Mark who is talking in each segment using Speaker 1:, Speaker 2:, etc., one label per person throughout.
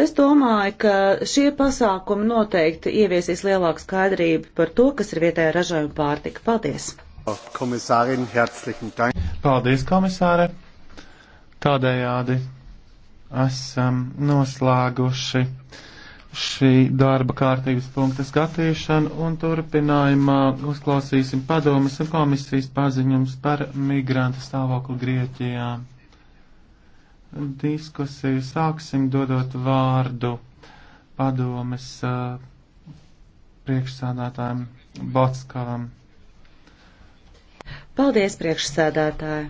Speaker 1: Es domāju, ka šie pasākumi noteikti ieviesīs lielāku skaidrību par to, kas ir vietējā ražojuma pārtika. Paldies!
Speaker 2: Oh, komisārin, herzlichen Dank! Paldies, komisāre! Tādējādi esam noslēguši šī darba kārtības punkta skatīšanu un turpinājumā uzklausīsim padomas un komisijas paziņums par migrantu stāvokli Grieķijā diskusiju sāksim dodot vārdu padomes uh, priekšsādātājiem Batskavam.
Speaker 1: Paldies, priekšsēdētāji!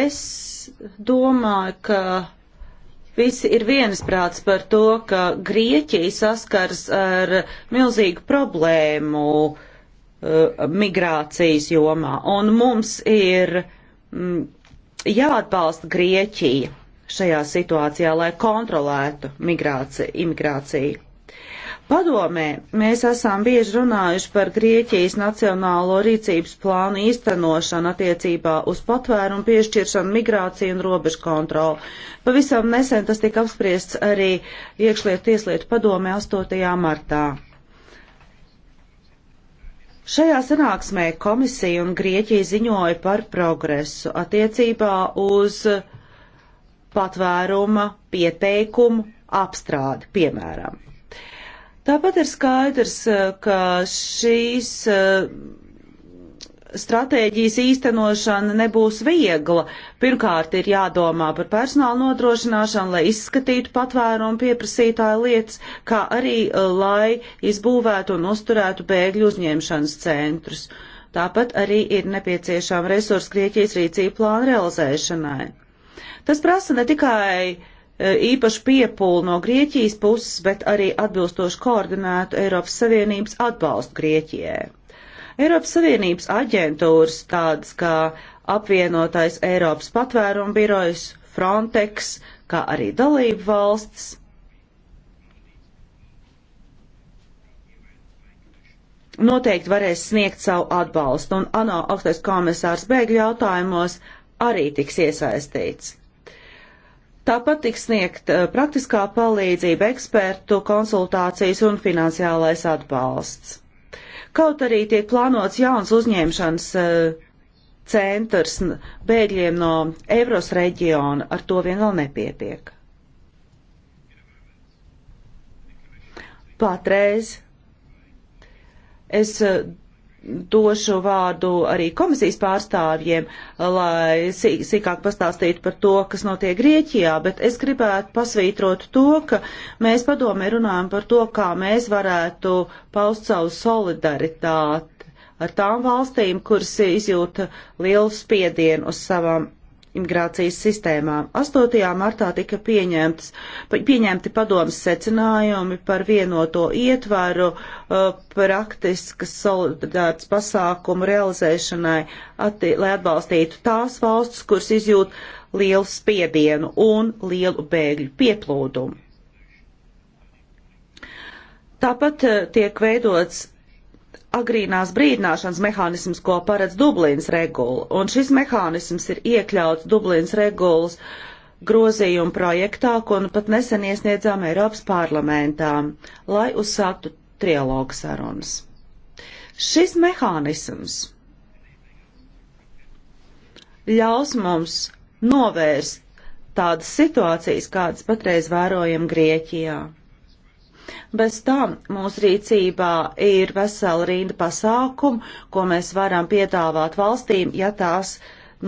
Speaker 1: Es domāju, ka Visi ir viensprāts par to, ka Grieķija saskars ar milzīgu problēmu uh, migrācijas jomā, un mums ir uh, mm, jāatbalsta Grieķija šajā situācijā, lai kontrolētu migrāciju, imigrāciju. Padomē mēs esam bieži runājuši par Grieķijas nacionālo rīcības plānu īstenošanu attiecībā uz patvērumu piešķiršanu, migrāciju un robežu kontroli. Pavisam nesen tas tika apspriests arī iekšlietu tieslietu padomē 8. martā. Šajā sanāksmē komisija un Grieķija ziņoja par progresu attiecībā uz patvēruma pieteikumu apstrādi, piemēram. Tāpat ir skaidrs, ka šīs stratēģijas īstenošana nebūs viegla. Pirmkārt, ir jādomā par personāla nodrošināšanu, lai izskatītu patvērumu pieprasītāju lietas, kā arī eh, lai izbūvētu un uzturētu bēgļu uzņemšanas centrus. Tāpat arī ir nepieciešama resursa Grieķijas rīcību plāna realizēšanai. Tas prasa ne tikai eh, īpašu piepūli no Grieķijas puses, bet arī atbilstošu koordinētu Eiropas Savienības atbalstu Grieķijai. Eiropas Savienības aģentūras tādas kā apvienotais Eiropas patvērumu birojs, Frontex, kā arī dalību valsts. Noteikti varēs sniegt savu atbalstu, un ANO augstais komisārs bēgļu jautājumos arī tiks iesaistīts. Tāpat tiks sniegt eh, praktiskā palīdzība, ekspertu konsultācijas un finansiālais atbalsts. Kaut arī tiek plānots jauns uzņemšanas e, centrs bēgļiem no Eiros reģiona, ar to vien vēl nepietiek. Patreiz es e, došu vārdu arī komisijas pārstāvjiem, lai sīkāk pastāstītu par to, kas notiek Grieķijā, bet es gribētu pasvītrot to, ka mēs padomē runājam par to, kā mēs varētu paust savu solidaritāti ar tām valstīm, kuras izjūta lielu spiedienu uz savām imigrācijas sistēmām. 8. martā tika pieņemts, pieņemti padomas secinājumi par vienoto ietvaru uh, praktiskas solidaritātes pasākumu realizēšanai, atti, lai atbalstītu tās valstis, kuras izjūt lielu spiedienu un lielu bēgļu pieplūdumu. Tāpat uh, tiek veidots agrīnās brīdināšanas mehānisms, ko paredz Dublīnas regula, un šis mehānisms ir iekļauts Dublīnas regulas grozījumu projektā, ko nu pat nesen iesniedzām Eiropas parlamentā, lai uzsāktu trialogu sarunas. Šis mehānisms ļaus mums novērst tādas situācijas, kādas patreiz vērojam Grieķijā. Bez tam mūsu rīcībā ir vesela rinda pasākumu, ko mēs varam piedāvāt valstīm, ja tās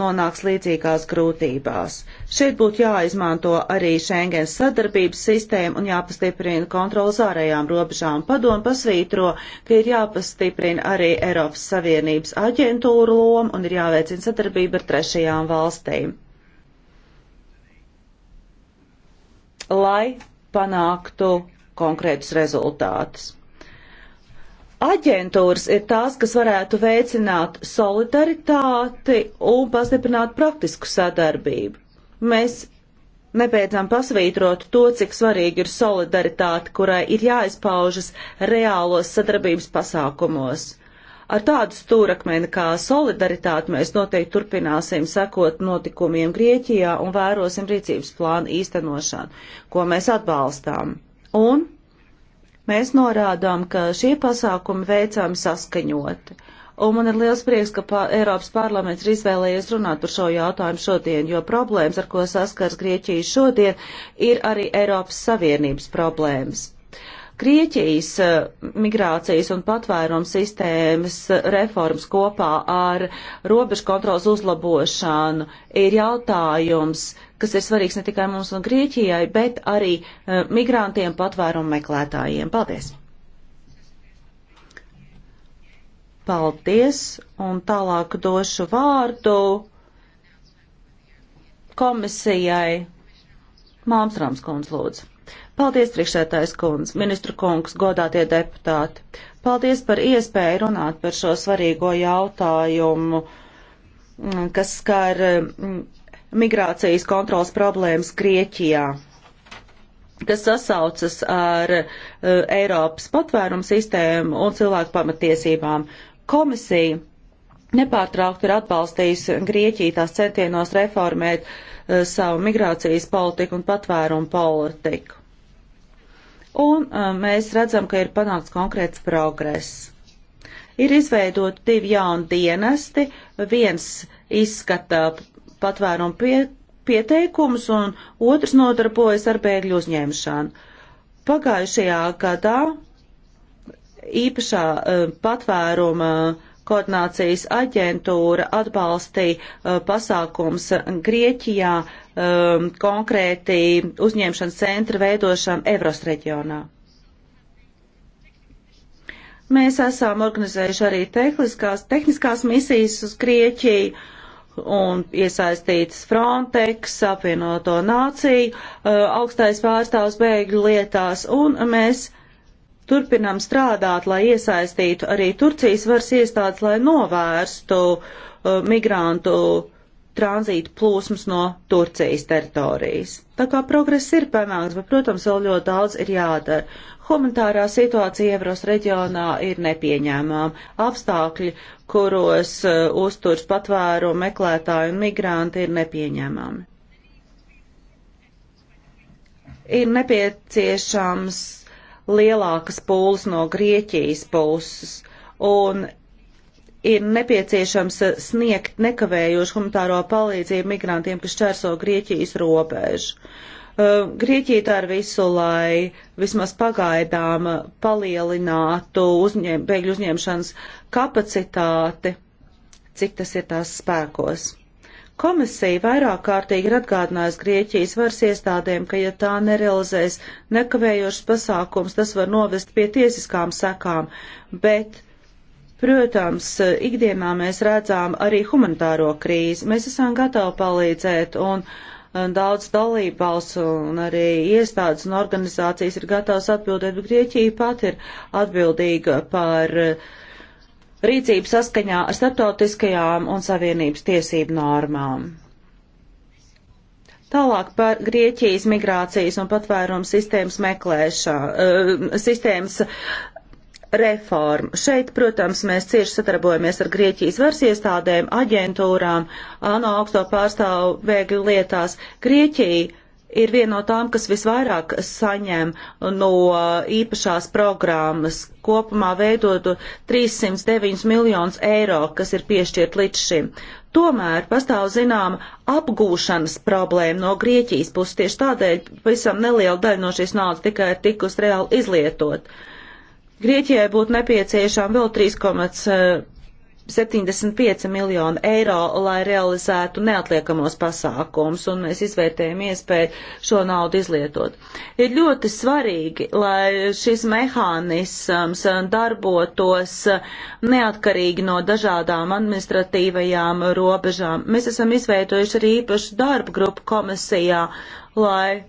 Speaker 1: nonāks līdzīgās grūtībās. Šeit būtu jāizmanto arī Schengens sadarbības sistēma un jāpastiprina kontrolas ārējām robežām. Padomu pasvītro, ka ir jāpastiprina arī Eiropas Savienības aģentūru loma un ir jāveicina sadarbība ar trešajām valstīm. Lai panāktu konkrētus rezultātus. Aģentūras ir tās, kas varētu veicināt solidaritāti un pastiprināt praktisku sadarbību. Mēs nebeidzam pasvītrot to, cik svarīgi ir solidaritāte, kurai ir jāizpaužas reālos sadarbības pasākumos. Ar tādu stūrakmeni kā solidaritāte mēs noteikti turpināsim sekot notikumiem Grieķijā un vērosim rīcības plānu īstenošanu, ko mēs atbalstām. Un mēs norādām, ka šie pasākumi veicami saskaņoti. Un man ir liels prieks, ka pa Eiropas parlaments ir izvēlējies runāt par šo jautājumu šodien, jo problēmas, ar ko saskars Grieķija šodien, ir arī Eiropas Savienības problēmas. Grieķijas eh, migrācijas un patvērums sistēmas eh, reformas kopā ar robežu kontrols uzlabošanu ir jautājums, kas ir svarīgs ne tikai mums un Grieķijai, bet arī eh, migrantiem patvērumu meklētājiem. Paldies! Paldies, un tālāk došu vārdu komisijai Māmstrāms kundz lūdzu. Paldies, priekšsētājs kundz, ministru kungs, godātie deputāti. Paldies par iespēju runāt par šo svarīgo jautājumu, mm, kas skar mm, migrācijas kontrols problēmas Grieķijā kas sasaucas ar uh, Eiropas patvērumu sistēmu un cilvēku pamatiesībām. Komisija nepārtraukti ir atbalstījusi Grieķiju tās centienos reformēt uh, Uh, savu migrācijas politiku un patvērumu politiku. Un uh, mēs redzam, ka ir panākts konkrēts progress. Ir izveidot divi jauni dienesti, viens izskata patvērumu pie, pieteikumus un otrs nodarbojas ar bēgļu uzņemšanu. Pagājušajā gadā īpašā uh, patvēruma uh, koordinācijas aģentūra atbalstīja uh, pasākums Grieķijā um, konkrēti uzņemšanas centra veidošanu Evros reģionā. Mēs esam organizējuši arī tehniskās, tehniskās misijas uz Grieķiju un iesaistītas Frontex, apvienoto nāciju, uh, augstais pārstāvs bēgļu lietās, un mēs uh, turpinām strādāt, lai iesaistītu arī Turcijas varas iestādes, lai novērstu uh, migrantu tranzītu plūsmas no Turcijas teritorijas. Tā kā progress ir panākts, bet, protams, vēl ļoti daudz ir jādara. Humanitārā situācija Evros reģionā ir nepieņēmām. Apstākļi, kuros uh, uzturs patvēru meklētāju un migranti, ir nepieņēmami. Ir nepieciešams lielākas pūles no Grieķijas puses. Un ir nepieciešams sniegt nekavējošu humanitāro palīdzību migrantiem, kas čērso Grieķijas robežu. Uh, Grieķija dara visu, lai vismaz pagaidām palielinātu uzņem, bēgļu uzņemšanas kapacitāti, cik tas ir tās spēkos. Komisija vairāk kārtīgi ir atgādinājusi Grieķijas varas iestādēm, ka ja tā nerealizēs nekavējošas pasākums, tas var novest pie tiesiskām sekām, bet, protams, ikdienā mēs redzām arī humanitāro krīzi. Mēs esam gatavi palīdzēt un daudz dalībvalsts un arī iestādes un organizācijas ir gatavs atbildēt, bet Grieķija pat ir atbildīga par uh, rīcību saskaņā ar starptautiskajām un savienības tiesību normām. Tālāk par Grieķijas migrācijas un patvērumu sistēmas meklēšā, uh, sistēmas reformu. Šeit, protams, mēs cieši sadarbojamies ar Grieķijas varas iestādēm, aģentūrām, ANO augsto pārstāvu bēgļu lietās. Grieķija ir viena no tām, kas visvairāk saņem no īpašās programmas, kopumā veidotu 309 miljonus eiro, kas ir piešķirt līdz šim. Tomēr pastāv zinām apgūšanas problēma no Grieķijas puses, tieši tādēļ visam neliela daļa no šīs naudas tikai ir tikus reāli izlietot. Grieķijai būtu nepieciešām vēl 3,5 75 miljonu eiro, lai realizētu neatliekamos pasākums, un mēs izvērtējam iespēju šo naudu izlietot. Ir ļoti svarīgi, lai šis mehānisms darbotos neatkarīgi no dažādām administratīvajām robežām. Mēs esam izveidojuši arī īpašu darbu grupu komisijā, lai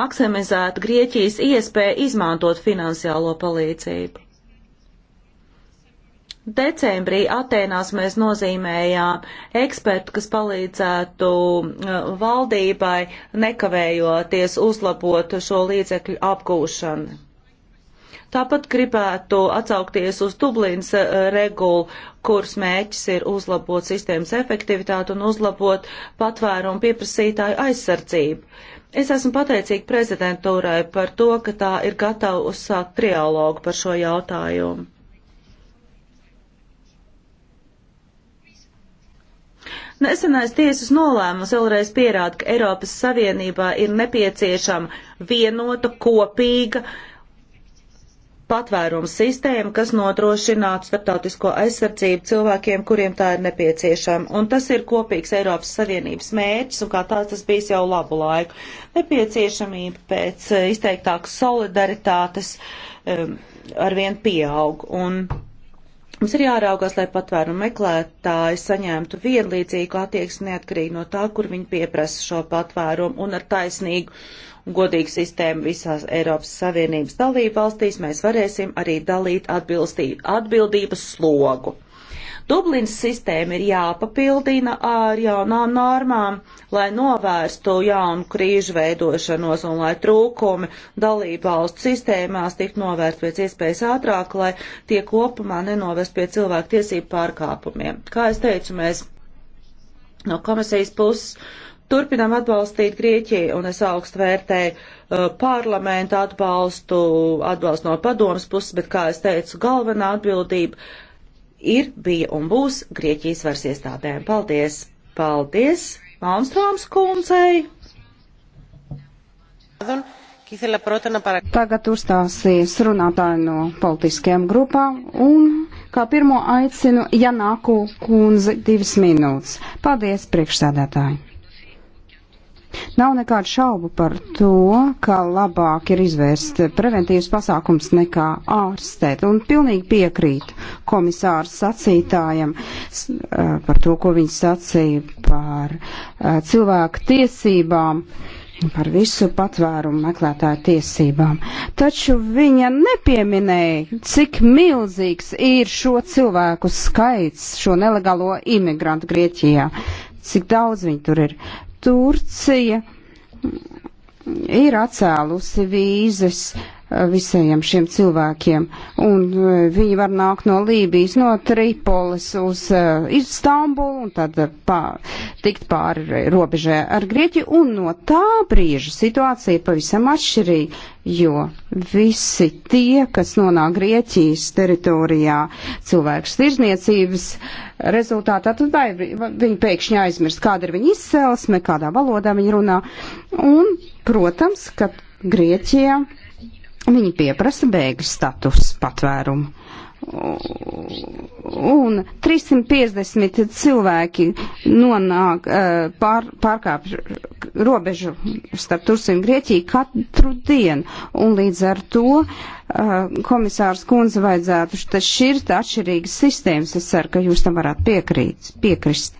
Speaker 1: maksimizētu Grieķijas iespēju izmantot finansiālo palīdzību. Decembrī Atēnās mēs nozīmējām ekspertu, kas palīdzētu uh, valdībai nekavējoties uzlabot šo līdzekļu apgūšanu. Tāpat gribētu atsaukties uz Dublīnas uh, regulu, kuras mēķis ir uzlabot sistēmas efektivitāti un uzlabot patvērumu pieprasītāju aizsardzību. Es esmu pateicīga prezidentūrai par to, ka tā ir gatava uzsākt trialogu par šo jautājumu. Nesenais tiesas nolēmums vēlreiz pierāda, ka Eiropas Savienībā ir nepieciešama vienota, kopīga patvērums sistēma, kas nodrošinātu starptautisko aizsardzību cilvēkiem, kuriem tā ir nepieciešama. Un tas ir kopīgs Eiropas Savienības mērķis, un kā tāds tas bijis jau labu laiku. Nepieciešamība pēc eh, izteiktākas solidaritātes um, arvien pieaug. Un Mums ir jāraugās, lai patvērumu meklētāji saņemtu vienlīdzīgu attieksmi neatkarīgi no tā, kur viņi pieprasa šo patvērumu un ar taisnīgu un godīgu sistēmu visās Eiropas Savienības dalību valstīs mēs varēsim arī dalīt atbildības slogu. Dublins sistēma ir jāpapildina ar jaunām normām, lai novērstu jaunu krīžu veidošanos un lai trūkumi dalību valstu sistēmās tiktu novērst pēc iespējas ātrāk, lai tie kopumā nenovest pie cilvēku tiesību pārkāpumiem. Kā es teicu, mēs no komisijas puses turpinām atbalstīt Grieķiju, un es augstu vērtēju uh, parlamentu atbalstu, atbalstu no padomas puses, bet, kā es teicu, galvenā atbildība ir, bija un būs Grieķijas varas iestādēm. Paldies! Paldies! Malmstrāms
Speaker 3: kundzei! Tagad uzstāsies runātāji no politiskajām grupām un kā pirmo aicinu Janāku kundzi divas minūtes. Paldies, priekšsēdētāji! Nav nekādu šaubu par to, ka labāk ir izvērst preventīvas pasākums nekā ārstēt. Un pilnīgi piekrītu komisārs sacītājam par to, ko viņš sacīja par cilvēku tiesībām par visu patvērumu meklētāju tiesībām. Taču viņa nepieminēja, cik milzīgs ir šo cilvēku skaits, šo nelegālo imigrantu Grieķijā, cik daudz viņi tur ir. Turcija ir atcēlusi vīzes uh, Eh, visiem šiem cilvēkiem. Un eh, viņi var nākt no Lībijas, no Tripolis uz uh, Istanbulu un tad pā, tikt pāri robežai ar Grieķiju. Un no tā brīža situācija pavisam atšķirīga, jo visi tie, kas nonāk Grieķijas teritorijā cilvēks tirzniecības rezultātā, tad vai viņi pēkšņi aizmirst, kāda ir viņa izcelsme, kādā valodā viņi runā. Un, protams, ka Grieķijā Viņi pieprasa bēgļu status patvērumu. Un 350 cilvēki nonāk eh, pār, pārkāpj robežu starp Turciju un Grieķiju katru dienu. Un līdz ar to eh, komisārs kundze vajadzētu šķirt atšķirīgas sistēmas. Es ceru, ka jūs tam varētu piekrīt, piekrist.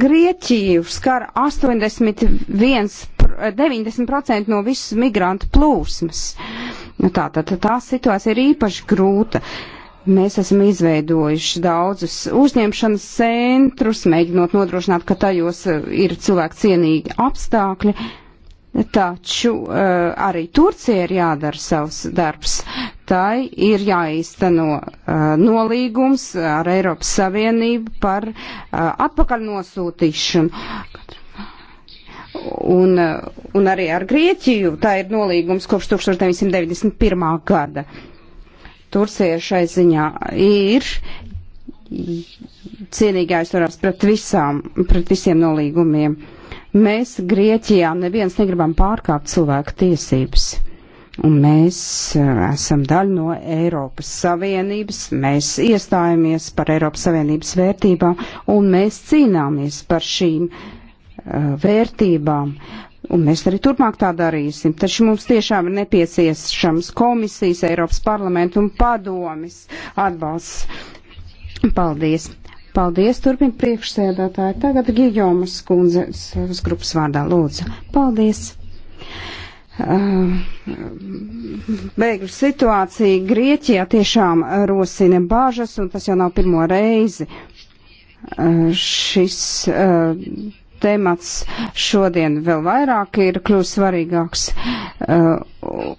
Speaker 3: Grieķiju skar 81 90% no visas migrantu plūsmas. Nu, tā tad tā, tā situācija ir īpaši grūta. Mēs esam izveidojuši daudzus uzņemšanas centrus, mēģinot nodrošināt, ka tajos eh, ir cilvēku cienīgi apstākļi. Taču uh, arī Turcija ir jādara savs darbs. Tai ir jāīsteno uh, nolīgums ar Eiropas Savienību par uh, atpakaļ nosūtīšanu, un, un arī ar Grieķiju. Tā ir nolīgums kopš 1991. gada. Turcija šai ziņā ir cienīgi aizturās pret, visām, pret visiem nolīgumiem. Mēs Grieķijā neviens negribam pārkāpt cilvēku tiesības. Un mēs e, esam daļa no Eiropas Savienības, mēs iestājamies par Eiropas Savienības vērtībām un mēs cīnāmies par šīm uh, Eh, vērtībām. Un mēs arī turpmāk tā darīsim. Taču mums tiešām ir nepieciešams komisijas, Eiropas parlamentu un padomis atbalsts. Paldies! Paldies, turpina priekšsēdētāji. Tagad Gijomas kundze savas grupas vārdā lūdzu. Paldies! Eh, bēgļu situācija Grieķijā tiešām rosina bāžas, un tas jau nav pirmo reizi. Eh, šis temats šodien vēl vairāk ir kļūst svarīgāks. Uh,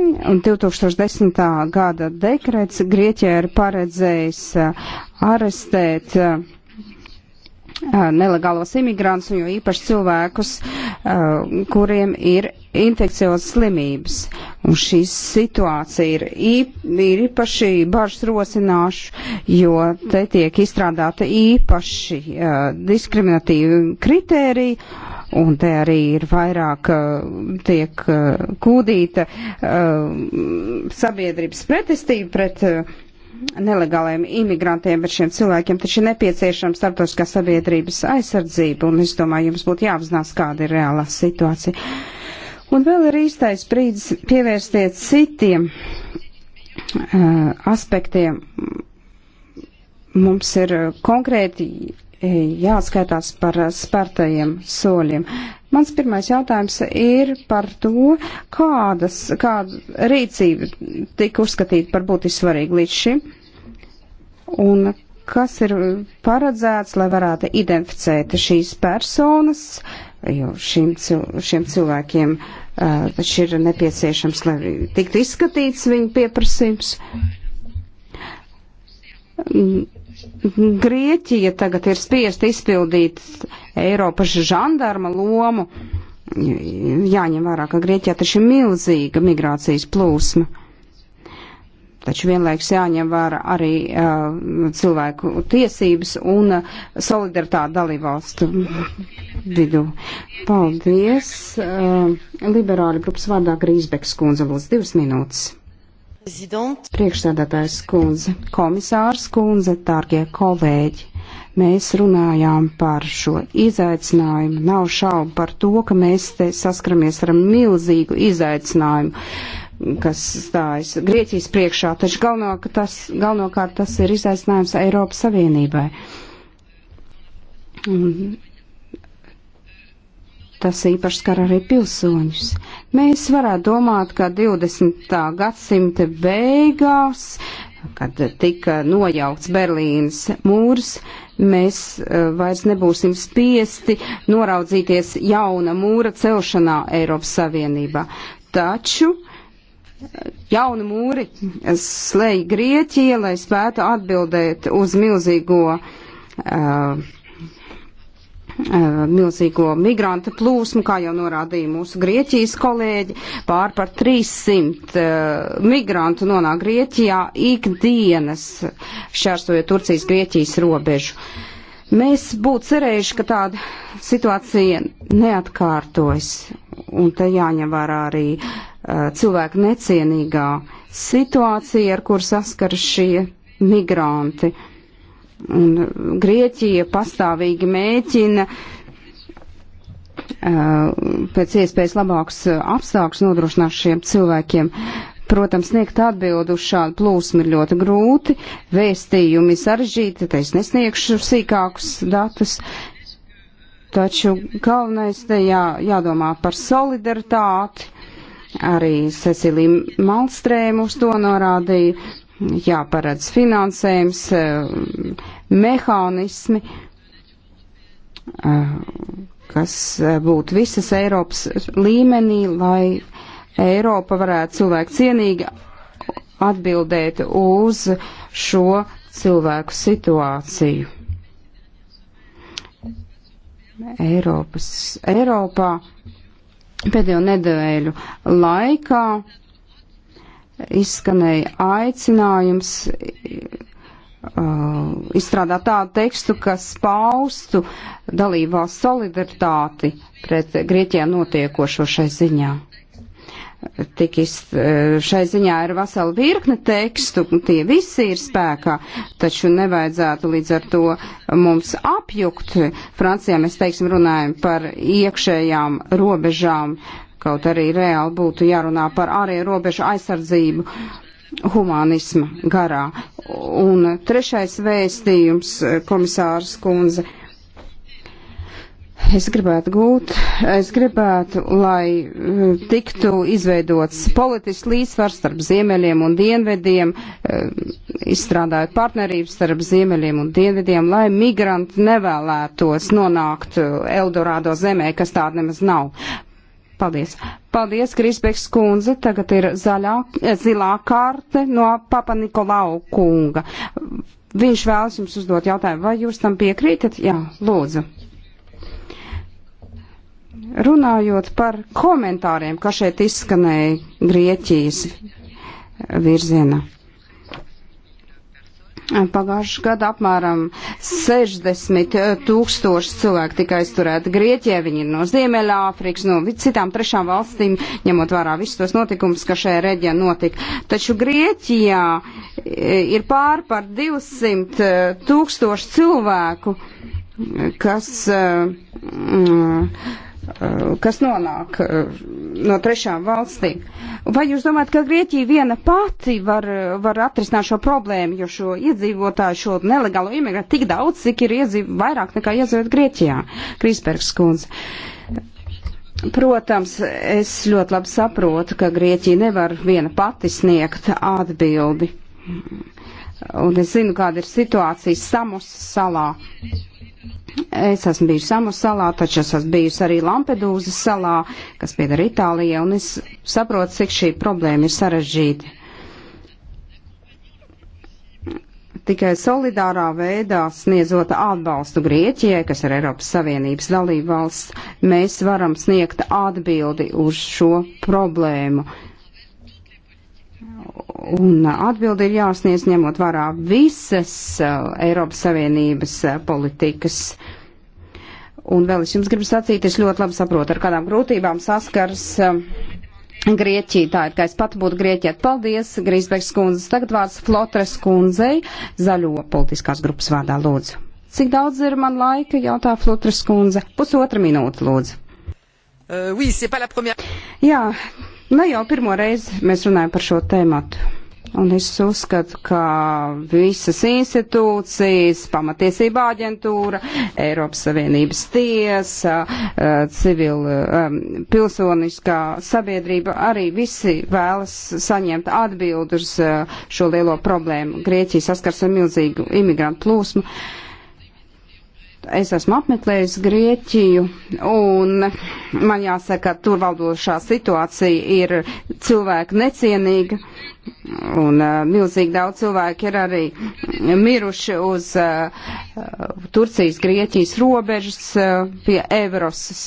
Speaker 3: Un 2010. gada dekrets Grieķijā ir paredzējis uh, arestēt uh, uh nelegālos imigrantus, jo īpaši cilvēkus, uh, kuriem ir infekcijos slimības. Un šī situācija ir, īp, ir īpaši bažas rosināša, jo te tiek izstrādāta īpaši uh, diskriminatīva kritērija, un te arī ir vairāk uh, tiek uh, kūdīta uh, sabiedrības pretestība pret. Uh, nelegāliem imigrantiem, bet šiem cilvēkiem taču ir nepieciešama starptautiskā sabiedrības aizsardzība, un es domāju, jums būtu jāapzinās, kāda ir reālā situācija. Uh, Un vēl ir īstais brīdis pievērsties citiem uh, aspektiem. Mums ir eh, konkrēti eh, jāatskaitās par spērtajiem soļiem. Mans pirmais jautājums ir par to, kādas, kāda rīcība tika uzskatīta par būtiski svarīgu līdz šim, un kas ir paredzēts, lai varētu identificēt šīs personas, jo šim, šiem cilvēkiem eh, taču ir nepieciešams, lai tiktu izskatīts viņu pieprasījums. Grieķija tagad ir spiest izpildīt Eiropas žandarma lomu. Jāņem vērā, ka Grieķijā taču ir milzīga migrācijas plūsma. Taču vienlaiks jāņem vērā arī uh, cilvēku tiesības un uh, solidaritāte dalībvalstu vidū. Paldies. Uh, liberāļu grupas vārdā Grīsbeks kundze lūdz divas minūtes. Priekšsēdētājs kundze, komisārs kundze, tārgie kolēģi mēs runājām par šo izaicinājumu. Nav šaubu par to, ka mēs te saskaramies ar milzīgu izaicinājumu kas stājas Grieķijas priekšā, taču galveno, tas, galvenokārt tas ir izaicinājums Eiropas Savienībai. Un tas īpaši skar arī pilsoņus. Mēs varētu domāt, ka 20. gadsimta beigās, kad tika nojaukts Berlīnas mūrs, mēs e, vairs nebūsim spiesti noraudzīties jauna mūra celšanā Eiropas Savienībā. Taču uh, jauni mūri slēja Grieķija, lai spētu atbildēt uz milzīgo, uh, uh, milzīgo migrantu plūsmu, kā jau norādīja mūsu Grieķijas kolēģi. Pār par 300 uh, migrantu nonāk Grieķijā ikdienas šķērsojot Turcijas-Grieķijas robežu. Uh, Mēs būtu cerējuši, ka tāda situācija neatkārtojas, un te jāņem vērā arī uh, cilvēku necienīgā situācija, ar kur saskaras šie migranti. Un Grieķija pastāvīgi mēģina uh, pēc iespējas labāks uh, apstākļus nodrošināt šiem cilvēkiem. Uh, Protams, sniegt atbildu uz šādu plūsmu ir ļoti grūti, vēstījumi sarežģīti, tad es nesniegšu sīkākus datus, taču galvenais te jā, jādomā par solidaritāti, arī Cecilija Malstrēma uz to norādīja, jāparedz finansējums, eh, mehānismi, eh, kas eh, būtu visas Eiropas līmenī, lai Eiropa varētu cilvēku cienīgi atbildēt uz šo cilvēku situāciju. Eiropas, Eiropā pēdējo nedēļu laikā izskanēja aicinājums uh, izstrādāt tādu tekstu, kas paustu dalībvalsts solidaritāti pret Grieķijā notiekošo šai ziņā. Tikis, eh, šai ziņā ir vesela virkne tekstu, tie visi ir spēkā, taču nevajadzētu līdz ar to mums apjukt. Francijā mēs, teiksim, runājam par iekšējām robežām, kaut arī reāli būtu jārunā par ārēju robežu aizsardzību humanisma garā. Un trešais vēstījums, eh, komisārs Kunze Es gribētu gūt, es gribētu, lai eh, tiktu izveidots politisks līdzsvars starp ziemeļiem un dienvediem, eh, izstrādājot partnerības starp ziemeļiem un dienvediem, lai migranti nevēlētos nonākt eh, Eldorādo zemē, kas tāda nemaz nav. Paldies. Paldies, Krisbeks kundze. Tagad ir zaļā, zilā kārte no Papa Nikolau kunga. Viņš vēlas jums uzdot jautājumu, vai jūs tam piekrītat? Jā, lūdzu. Runājot par komentāriem, kas šeit izskanēja Grieķijas virzienā. Pagājušajā gadā apmēram 60 tūkstoši cilvēku tika aizturēti Grieķijā. Viņi ir no Ziemeļāfrikas, no citām trešām valstīm, ņemot vērā visus tos notikumus, kas šajā reģionā notika. Taču Grieķijā e, ir pār par 200 e, tūkstoši cilvēku, kas. Mm, Eh, kas nonāk eh, no trešām valstīm. Vai jūs domājat, ka Grieķija viena pati var, var atrisināt šo problēmu, jo šo iedzīvotāju, šo nelegālo imigrantu tik daudz, cik ir iedzīv, vairāk nekā iedzīvot Grieķijā? Krīsbergs kundze. Protams, es ļoti labi saprotu, ka Grieķija nevar viena pati sniegt atbildi. Un es zinu, kāda ir situācija Samus salā. Es esmu bijusi Samu salā, taču es esmu bijusi arī Lampedūzas salā, kas pieder Itālijai, un es saprotu, cik šī problēma ir sarežģīta. Tikai solidārā veidā sniedzot atbalstu Grieķijai, kas ir Eiropas Savienības dalībvalsts, mēs varam sniegt atbildi uz šo problēmu, un atbildi ir jāsniedz ņemot vērā visas uh, Eiropas Savienības uh, politikas. Un vēl es jums gribu sacīt, es ļoti labi saprotu, ar kādām grūtībām saskars uh, Grieķija. Tā ir, ka es pat būtu Grieķijā. Paldies, Grīsbeks kundze. Tagad vārds Flotres kundzei, zaļo politiskās grupas vārdā lūdzu. Cik daudz ir man laika, jautā Flotres kundze. Pusotra minūte lūdzu. Uh, oui, c'est pas la première. Jā, Ne nu, jau pirmo reizi mēs runājam par šo tēmatu. Un es uzskatu, ka visas institūcijas, pamatiesība aģentūra, Eiropas Savienības tiesa, eh, civila eh, pilsoniskā sabiedrība arī visi vēlas saņemt atbildus eh, šo lielo problēmu. Grieķija saskars ar milzīgu imigrantu plūsmu. Uh, Es esmu apmeklējis Grieķiju, un man jāsaka, ka tur valdošā situācija ir cilvēku necienīga, un uh, milzīgi daudz cilvēku ir arī miruši uz uh, Turcijas, Grieķijas robežas uh, pie Evrosas.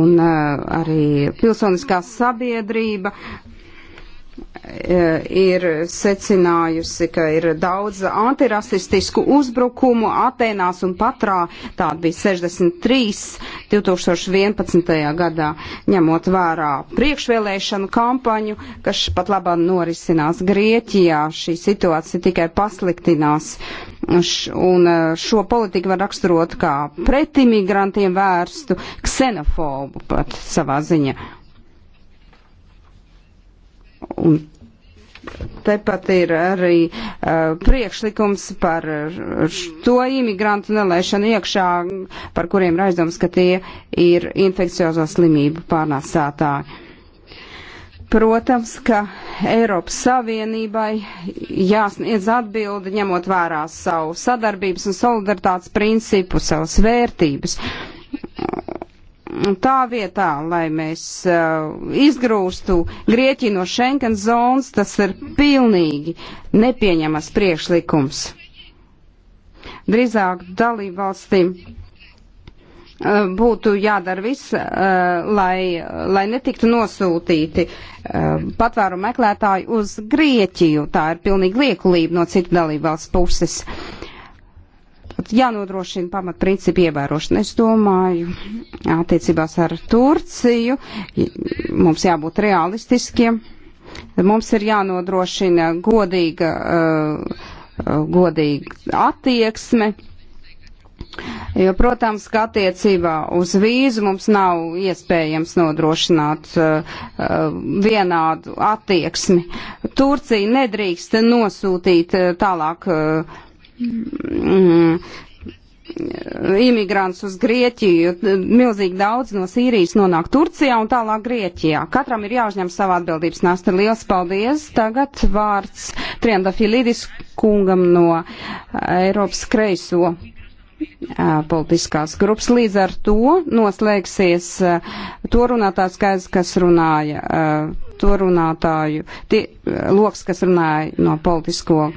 Speaker 3: Un uh, arī pilsoniskā sabiedrība E, ir secinājusi, ka ir daudz antirasistisku uzbrukumu Atenās un Patrā, tāda bija 63 2011. gadā, ņemot vērā priekšvēlēšanu kampaņu, kas pat labāk norisinās Grieķijā, šī situācija tikai pasliktinās. Un e, šo politiku var raksturot kā pretimigrantiem vērstu, ksenofobu pat savā ziņā un Tepat ir arī uh, priekšlikums par to imigrantu nelaišanu iekšā, par kuriem ir aizdoms, ka tie ir infekciozo slimību pārnāsātāji. Protams, ka Eiropas Savienībai jāsniedz atbildi, ņemot vērā savu sadarbības un solidaritātes principu, savas vērtības. Uh, tā vietā, lai mēs uh, izgrūstu Grieķiju no Schengen zonas, tas ir pilnīgi nepieņemas priekšlikums. Drīzāk dalību valstīm uh, būtu jādara viss, uh, lai, lai netiktu nosūtīti uh, patvēru meklētāji uz Grieķiju. Tā ir pilnīgi liekulība no citu dalībvalsts puses jānodrošina pamatprincipu ievērošana. Es domāju, attiecībās ar Turciju mums jābūt realistiskiem. Mums ir jānodrošina godīga, uh, uh godīga attieksme. Jo, protams, ka attiecībā uz vīzu mums nav iespējams nodrošināt uh, uh vienādu attieksmi. Turcija nedrīkst nosūtīt uh, tālāk uh, mm, imigrants uz Grieķiju, milzīgi daudz no Sīrijas nonāk Turcijā un tālāk Grieķijā. Katram ir jāuzņem savā atbildības nasta. Liels paldies! Tagad vārds Trienda Filidis kungam no eh, Eiropas kreiso eh, politiskās grupas. Līdz ar to noslēgsies eh, to runātājs skaidrs, kas runāja, to runātāju, tie, loks, kas runāja no politisko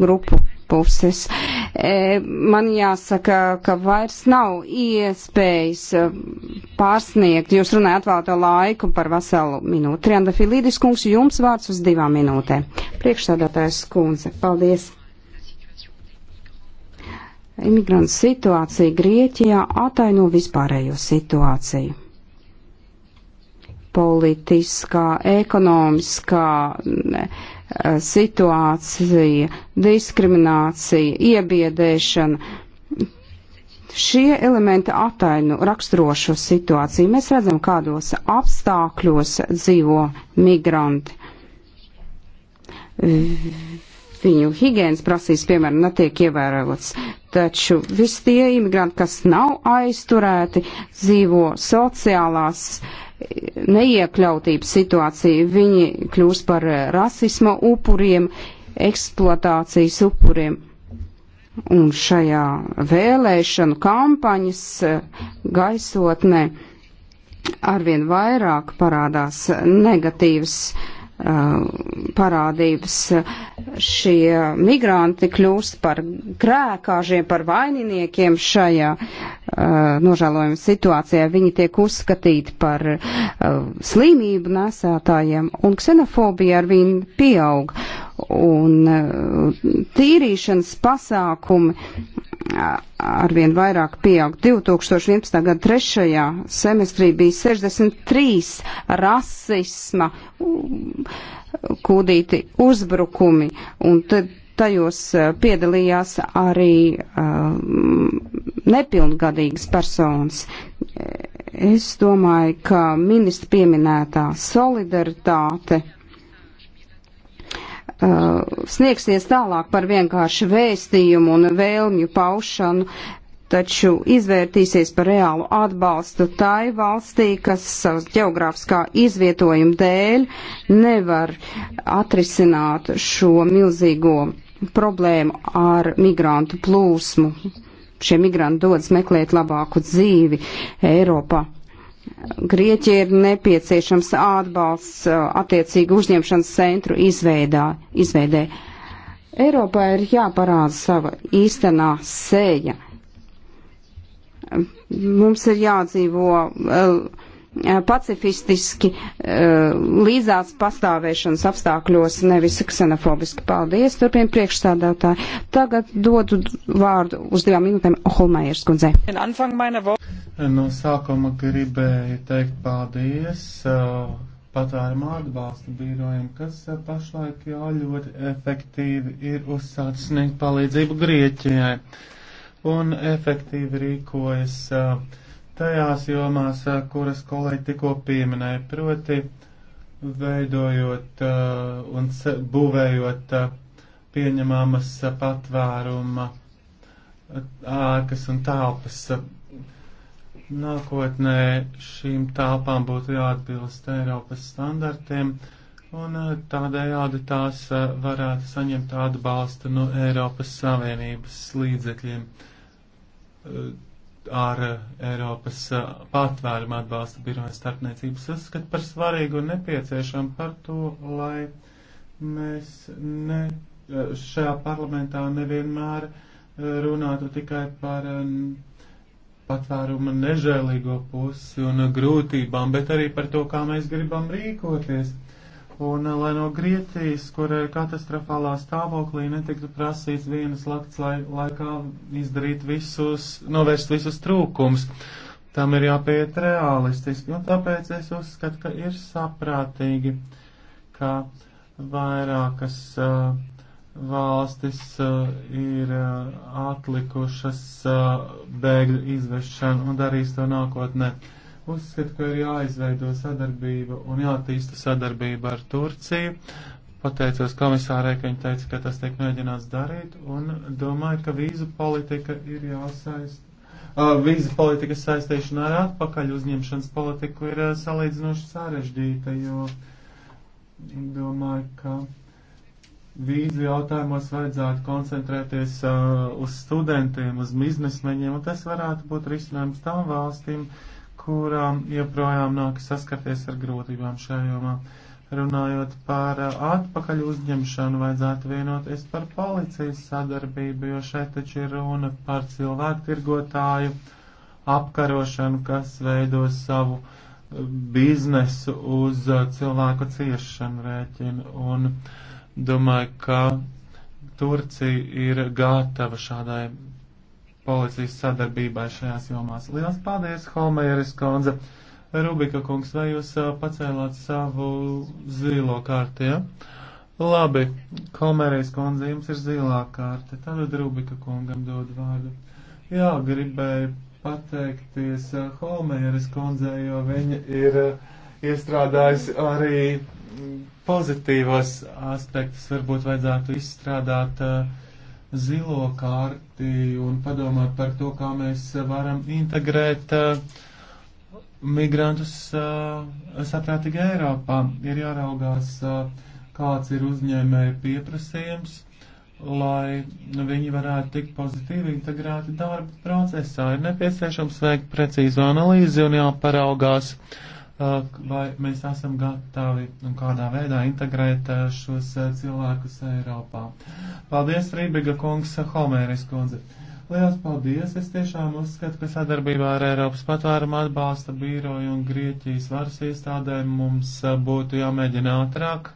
Speaker 3: grupu puses. E, man jāsaka, ka vairs nav iespējas e, pārsniegt. Jūs runājat atvēlēto laiku par veselu minūti. Trianda Filīdis kungs, jums vārds uz divām minūtēm. Priekšstādātājs kundze, paldies. Imigrantu situācija Grieķijā ataino vispārējo situāciju politiskā, ekonomiskā mm, eh, situācija, diskriminācija, iebiedēšana. Šie elementi atainu raksturo šo situāciju. Mēs redzam, kādos apstākļos dzīvo migranti. Viņu higiēnas prasīs, piemēram, netiek ievērots. Taču visi tie imigranti, kas nav aizturēti, dzīvo sociālās uh, neiekļautības situācija. Viņi kļūst par eh, rasisma upuriem, eksploatācijas upuriem. Un šajā vēlēšanu kampaņas eh, gaisotnē arvien vairāk parādās negatīvas uh, parādības šie migranti kļūst par krēkāžiem, par vaininiekiem šajā uh, eh, nožēlojuma situācijā. Viņi tiek uzskatīti par uh, slimību nesētājiem un ksenofobija ar viņu pieaug. Un uh, tīrīšanas pasākumi arvien vairāk pieaug. 2011. gada trešajā semestrī bija 63 rasisma kūdīti uzbrukumi, un tajos eh, piedalījās arī um, nepilngadīgas personas. Es domāju, ka ministra pieminētā solidaritāte Uh, sniegsies tālāk par vienkārši vēstījumu un vēlmju paušanu, taču izvērtīsies par reālu atbalstu tai valstī, kas savas geogrāfiskā izvietojuma dēļ nevar atrisināt šo milzīgo problēmu ar migrantu plūsmu. Šie migranti dodas meklēt labāku dzīvi Eiropā. Grieķija ir nepieciešams atbalsts uh, attiecīgu uzņemšanas centru izveidā, izveidē. Eiropā ir jāparāda sava īstenā sēja. Mums ir jādzīvo. Uh, Eh, pacifistiski eh, līdzās pastāvēšanas apstākļos, nevis ksenofobiski. Paldies, turpina priekšstādātāji. Tagad dodu vārdu uz divām minūtēm Holmējers kundzei.
Speaker 2: No sākuma gribēju teikt paldies eh, patvērumu atbalsta birojam, kas pašlaik jau ļoti efektīvi ir uzsācis sniegt palīdzību Grieķijai un efektīvi rīkojas uh, tajās jomās, eh, kuras kolēģi tikko pieminēja, proti veidojot uh, un būvējot uh, pieņemamas uh, patvēruma ēkas un telpas. Nākotnē šīm telpām būtu jāatbilst Eiropas standartiem, un tādējādi tās varētu saņemt atbalstu no Eiropas Savienības līdzekļiem ar Eiropas patvēruma atbalsta biroja starpniecības uzskata par svarīgu un nepieciešamu par to, lai mēs ne, šajā parlamentā nevienmēr runātu tikai par patvēruma nežēlīgo pusi un grūtībām, bet arī par to, kā mēs gribam rīkoties. Un eh, lai no Grieķijas, kur ir katastrofālā stāvoklī, netiktu prasīts vienas lakts lai, laikā izdarīt visus, novērst visus trūkums. Tam ir jāpiet realistiski, un tāpēc es uzskatu, ka ir saprātīgi, ka vairākas uh, valstis uh, ir uh, atlikušas uh, bēgļu izvešanu un darīs to nākotnē. Uh, Uzskatu, ka ir jāizveido sadarbība un jātīsta sadarbība ar Turciju. Pateicos komisārai, ka viņa teica, ka tas tiek mēģināts darīt, un domāju, ka vīzu politika ir jāsaist. Uh, vīzu politikas saistīšana ar atpakaļ uzņemšanas politiku ir uh, salīdzinoši sarežģīta, jo domāju, ka vīzu jautājumos vajadzētu koncentrēties uh, uz studentiem, uz biznesmeņiem, un tas varētu būt risinājums tām valstīm, uh, kurām joprojām nāk saskarties ar grūtībām šajā jomā. Runājot par atpakaļ uzņemšanu, vajadzētu vienoties par policijas sadarbību, jo šeit taču ir runa par cilvēktirgotāju apkarošanu, kas veido savu biznesu uz cilvēku ciešanu rēķinu. Un domāju, ka Turcija ir gatava šādai policijas sadarbībai šajās jomās. Lielas paldies, Holmeieris Konze! Rubika kungs, vai jūs pacēlāt savu zilo kārti, ja? Labi, Holmeieris Konze, jums ir zilā kārte, tad Rubika kungam dod vārdu. Jā, gribēju pateikties Holmeieris Konzei, jo viņa ir iestrādājusi arī pozitīvos aspektus, varbūt vajadzētu izstrādāt uh, zilo kārti un padomāt par to, kā mēs varam integrēt uh, migrantus uh, saprātīgi Eiropā. Ir jāraugās, uh, kāds ir uzņēmēja pieprasījums, lai viņi varētu tik pozitīvi integrēti darba procesā. Ir nepieciešams veikt precīzu analīzi un jāparaugās. Uh, vai mēs esam gatavi un kādā veidā integrēt šos cilvēkus Eiropā. Paldies, Rībiga kungs, Homēris kundze. Liels paldies! Es tiešām uzskatu, ka sadarbībā ar Eiropas patvērumu atbalsta bīroju un Grieķijas varas iestādēm mums būtu jāmēģina ātrāk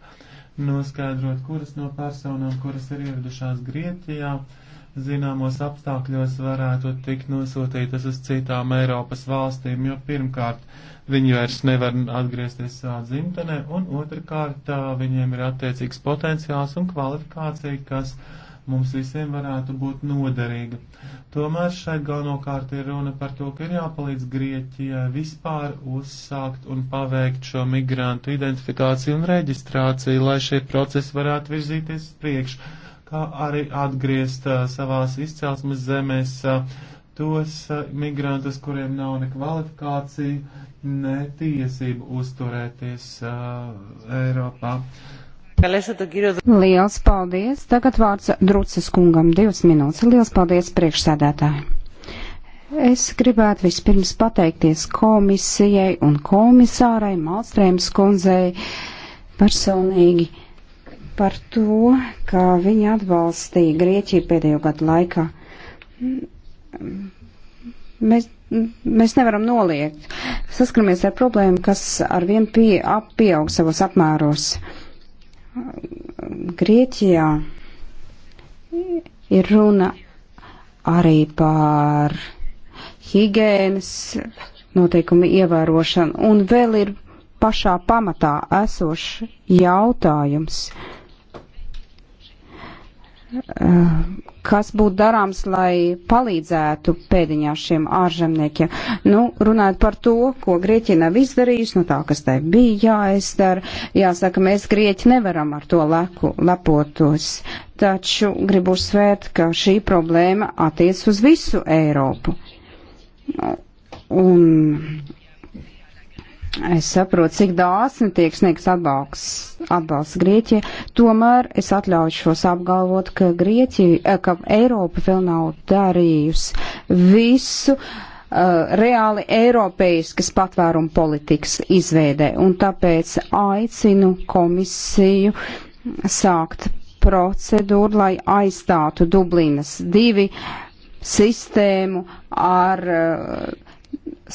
Speaker 2: noskaidrot, kuras no personām, kuras ir ieradušās Grieķijā, uh, zināmos apstākļos varētu tikt nosūtītas uz citām Eiropas valstīm, jo pirmkārt viņi vairs nevar atgriezties savā dzimtenē, un otrkārt viņiem ir attiecīgs potenciāls un kvalifikācija, kas mums visiem varētu būt noderīga. Tomēr šeit galvenokārt ir runa par to, ka ir jāpalīdz Grieķijai vispār uzsākt un paveikt šo migrantu identifikāciju un reģistrāciju, lai šie procesi varētu virzīties priekšu kā arī atgriezt savās izcelsmes zemēs tos migrantus, kuriem nav ne kvalifikācija, ne tiesību uzturēties Eiropā.
Speaker 3: Liels paldies! Tagad vārds Drucis kungam divas minūtes. Liels paldies priekšsēdētāji! Es gribētu vispirms pateikties komisijai un komisārai Malstrēmas kundzei personīgi par to, ka viņi atbalstīja Grieķiju pēdējo gadu laikā. Mēs, mēs nevaram noliegt. Saskaramies ar problēmu, kas ar vien pie, ap, pieaug savos apmēros. Grieķijā ir runa arī par higēnas noteikumu ievērošanu, un vēl ir pašā pamatā esošs jautājums. Uh, Eh, kas būtu darāms, lai palīdzētu pēdiņā šiem ārzemniekiem. Nu, runājot par to, ko Grieķija nav izdarījusi, nu tā, kas tai bija jāizdara, jāsaka, mēs Grieķi nevaram ar to leku lepotos. Taču gribu uzsvērt, ka šī problēma attiec uz visu Eiropu. Un Es saprotu, cik dāsni tiek sniegts atbalsts, atbalsts Grieķijai, tomēr es atļaušos apgalvot, ka Grieķija, eh, ka Eiropa vēl nav darījusi visu uh, reāli eiropeiskas patvērumu politikas izveidē, un tāpēc aicinu komisiju sākt procedūru, lai aizstātu Dublinas divi sistēmu ar uh,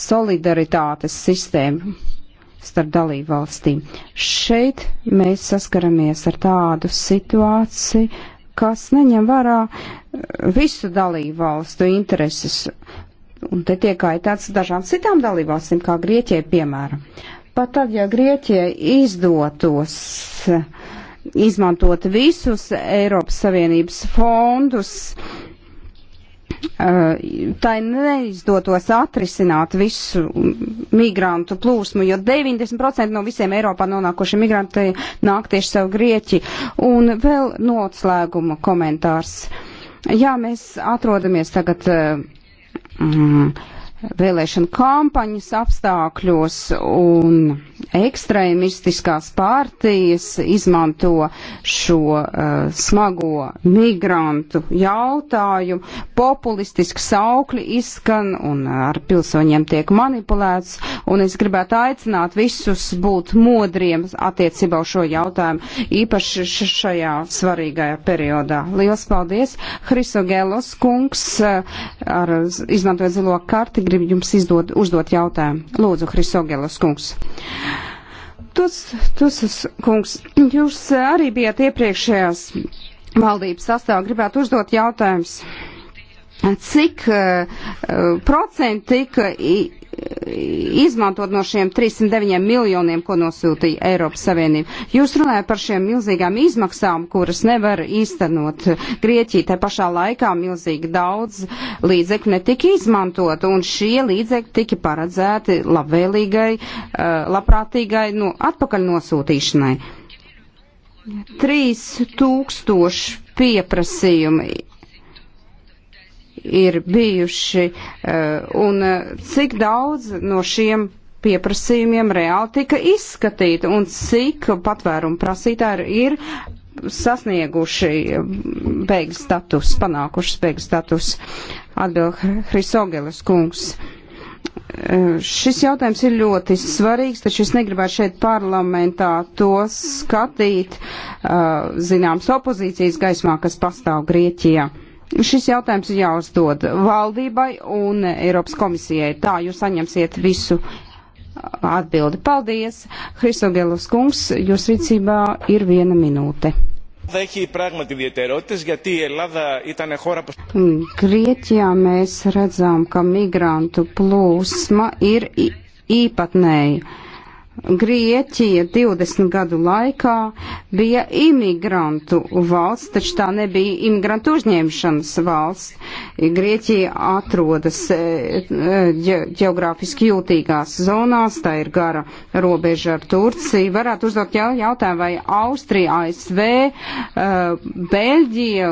Speaker 3: solidaritātes sistēmu starp dalību valstīm. Šeit mēs saskaramies ar tādu situāciju, kas neņem vērā eh, visu dalību valstu intereses. Un te tiek aitāts dažām citām dalību valstīm, kā Grieķijai, piemēram. Pat tad, ja Grieķijai izdotos eh, izmantot visus Eiropas Savienības fondus, Eh, tai neizdotos atrisināt visu migrantu plūsmu, jo 90% no visiem Eiropā nonākošiem migrantiem nāk tieši savu Grieķi. Un vēl noslēguma komentārs. Jā, mēs atrodamies tagad. Eh, mm, vēlēšana kampaņas apstākļos un ekstrēmistiskās pārtījas izmanto šo uh, smago migrantu jautājumu, populistiski saukļi izskan un ar pilsoņiem tiek manipulēts, un es gribētu aicināt visus būt modriem attiecībā uz šo jautājumu, īpaši šajā svarīgajā periodā. Liels paldies! Hrisogēlos kungs, uh, ar, izmantojot zilo karti, grib jums izdot, uzdot jautājumu. Lūdzu, Hrisogēlos kungs! Tus, tusas kungs, jūs eh, arī bijat iepriekšējās valdības sastāvā, gribētu uzdot jautājumus. Cik uh, procenti tika izmantot no šiem 309 miljoniem, ko nosūtīja Eiropas Savienība. Jūs runājat par šiem milzīgām izmaksām, kuras nevar īstenot Grieķija. Te pašā laikā milzīgi daudz līdzekļu netika izmantot, un šie līdzekļi tika paredzēti labvēlīgai, eh, labprātīgai nu, atpakaļ nosūtīšanai. 3000 pieprasījumi ir bijuši eh, un eh, cik daudz no šiem pieprasījumiem reāli tika izskatīti un cik patvērumu prasītāji ir sasnieguši eh, beigu status, panākuši beigu status, atbild Hrisogeles kungs. Šis jautājums ir ļoti svarīgs, taču es negribētu šeit parlamentā to skatīt, zināms, opozīcijas gaismā, kas pastāv Grieķijā. Šis jautājums ir jāuzdod valdībai un Eiropas komisijai. Tā jūs saņemsiet visu atbildi. Paldies! Hristogelovs kungs, jūs rīcībā ir viena minūte.
Speaker 2: Mm,
Speaker 3: Grieķijā mēs redzam, ka migrantu plūsma ir īpatnēja Grieķija 20 gadu laikā bija imigrantu valsts, taču tā nebija imigrantu uzņemšanas valsts. Grieķija atrodas e, e, ģeogrāfiski jūtīgās zonās, tā ir gara robeža ar Turciju. Varētu uzdot jautājumu, vai Austrija, ASV, e, Beļģija,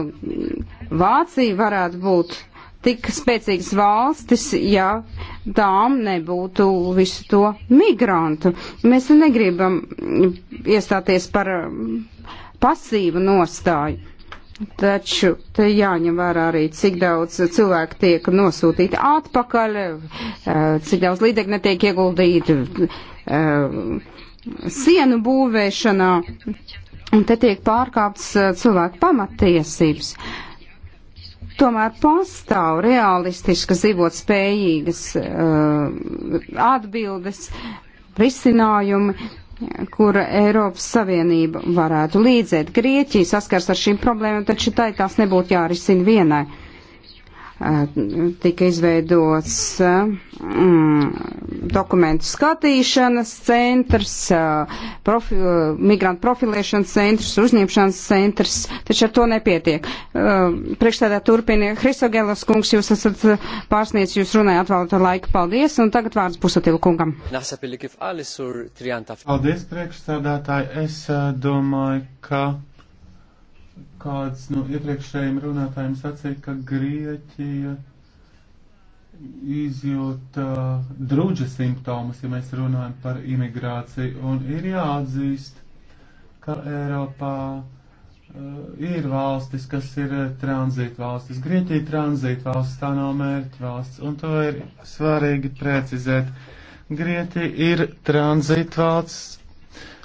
Speaker 3: Vācija varētu būt tik spēcīgas valstis, ja tām nebūtu visu to migrantu. Mēs negribam iestāties par um, pasīvu nostāju. Taču te jāņem vērā arī, cik daudz cilvēku tiek nosūtīti atpakaļ, uh, cik daudz līdzekļu netiek ieguldīti uh, sienu būvēšanā, un te tiek pārkāptas uh, cilvēku pamatiesības. Uh, Tomēr pastāv realistiskas, dzīvot spējīgas uh, atbildes, risinājumi, kur Eiropas Savienība varētu līdzēt. Grieķija saskars ar šīm problēmām, taču tai tās nebūtu jārisina vienai. Uh, Eh, tika izveidots eh, mm, dokumentu skatīšanas centrs, eh, profi, migrantu profilēšanas centrs, uzņemšanas centrs, taču ar to nepietiek. Priekšstādā turpina Hristogēlas kungs, jūs esat pārsniedz, jūs runājat atvēlēto laiku. Paldies, un tagad vārds pusatilu kungam.
Speaker 2: Paldies, priekšstādātāji. Es domāju, ka kāds no iepriekšējiem runātājiem sacīja, ka Grieķija izjūt uh, drudža simptomus, ja mēs runājam par imigrāciju, un ir jāatzīst, ka Eiropā uh, ir valstis, kas ir uh, tranzīta valstis. Grieķija tranzīta valsts, tā nav mērķa valsts, un to ir svarīgi precizēt. Grieķija ir tranzīta valsts,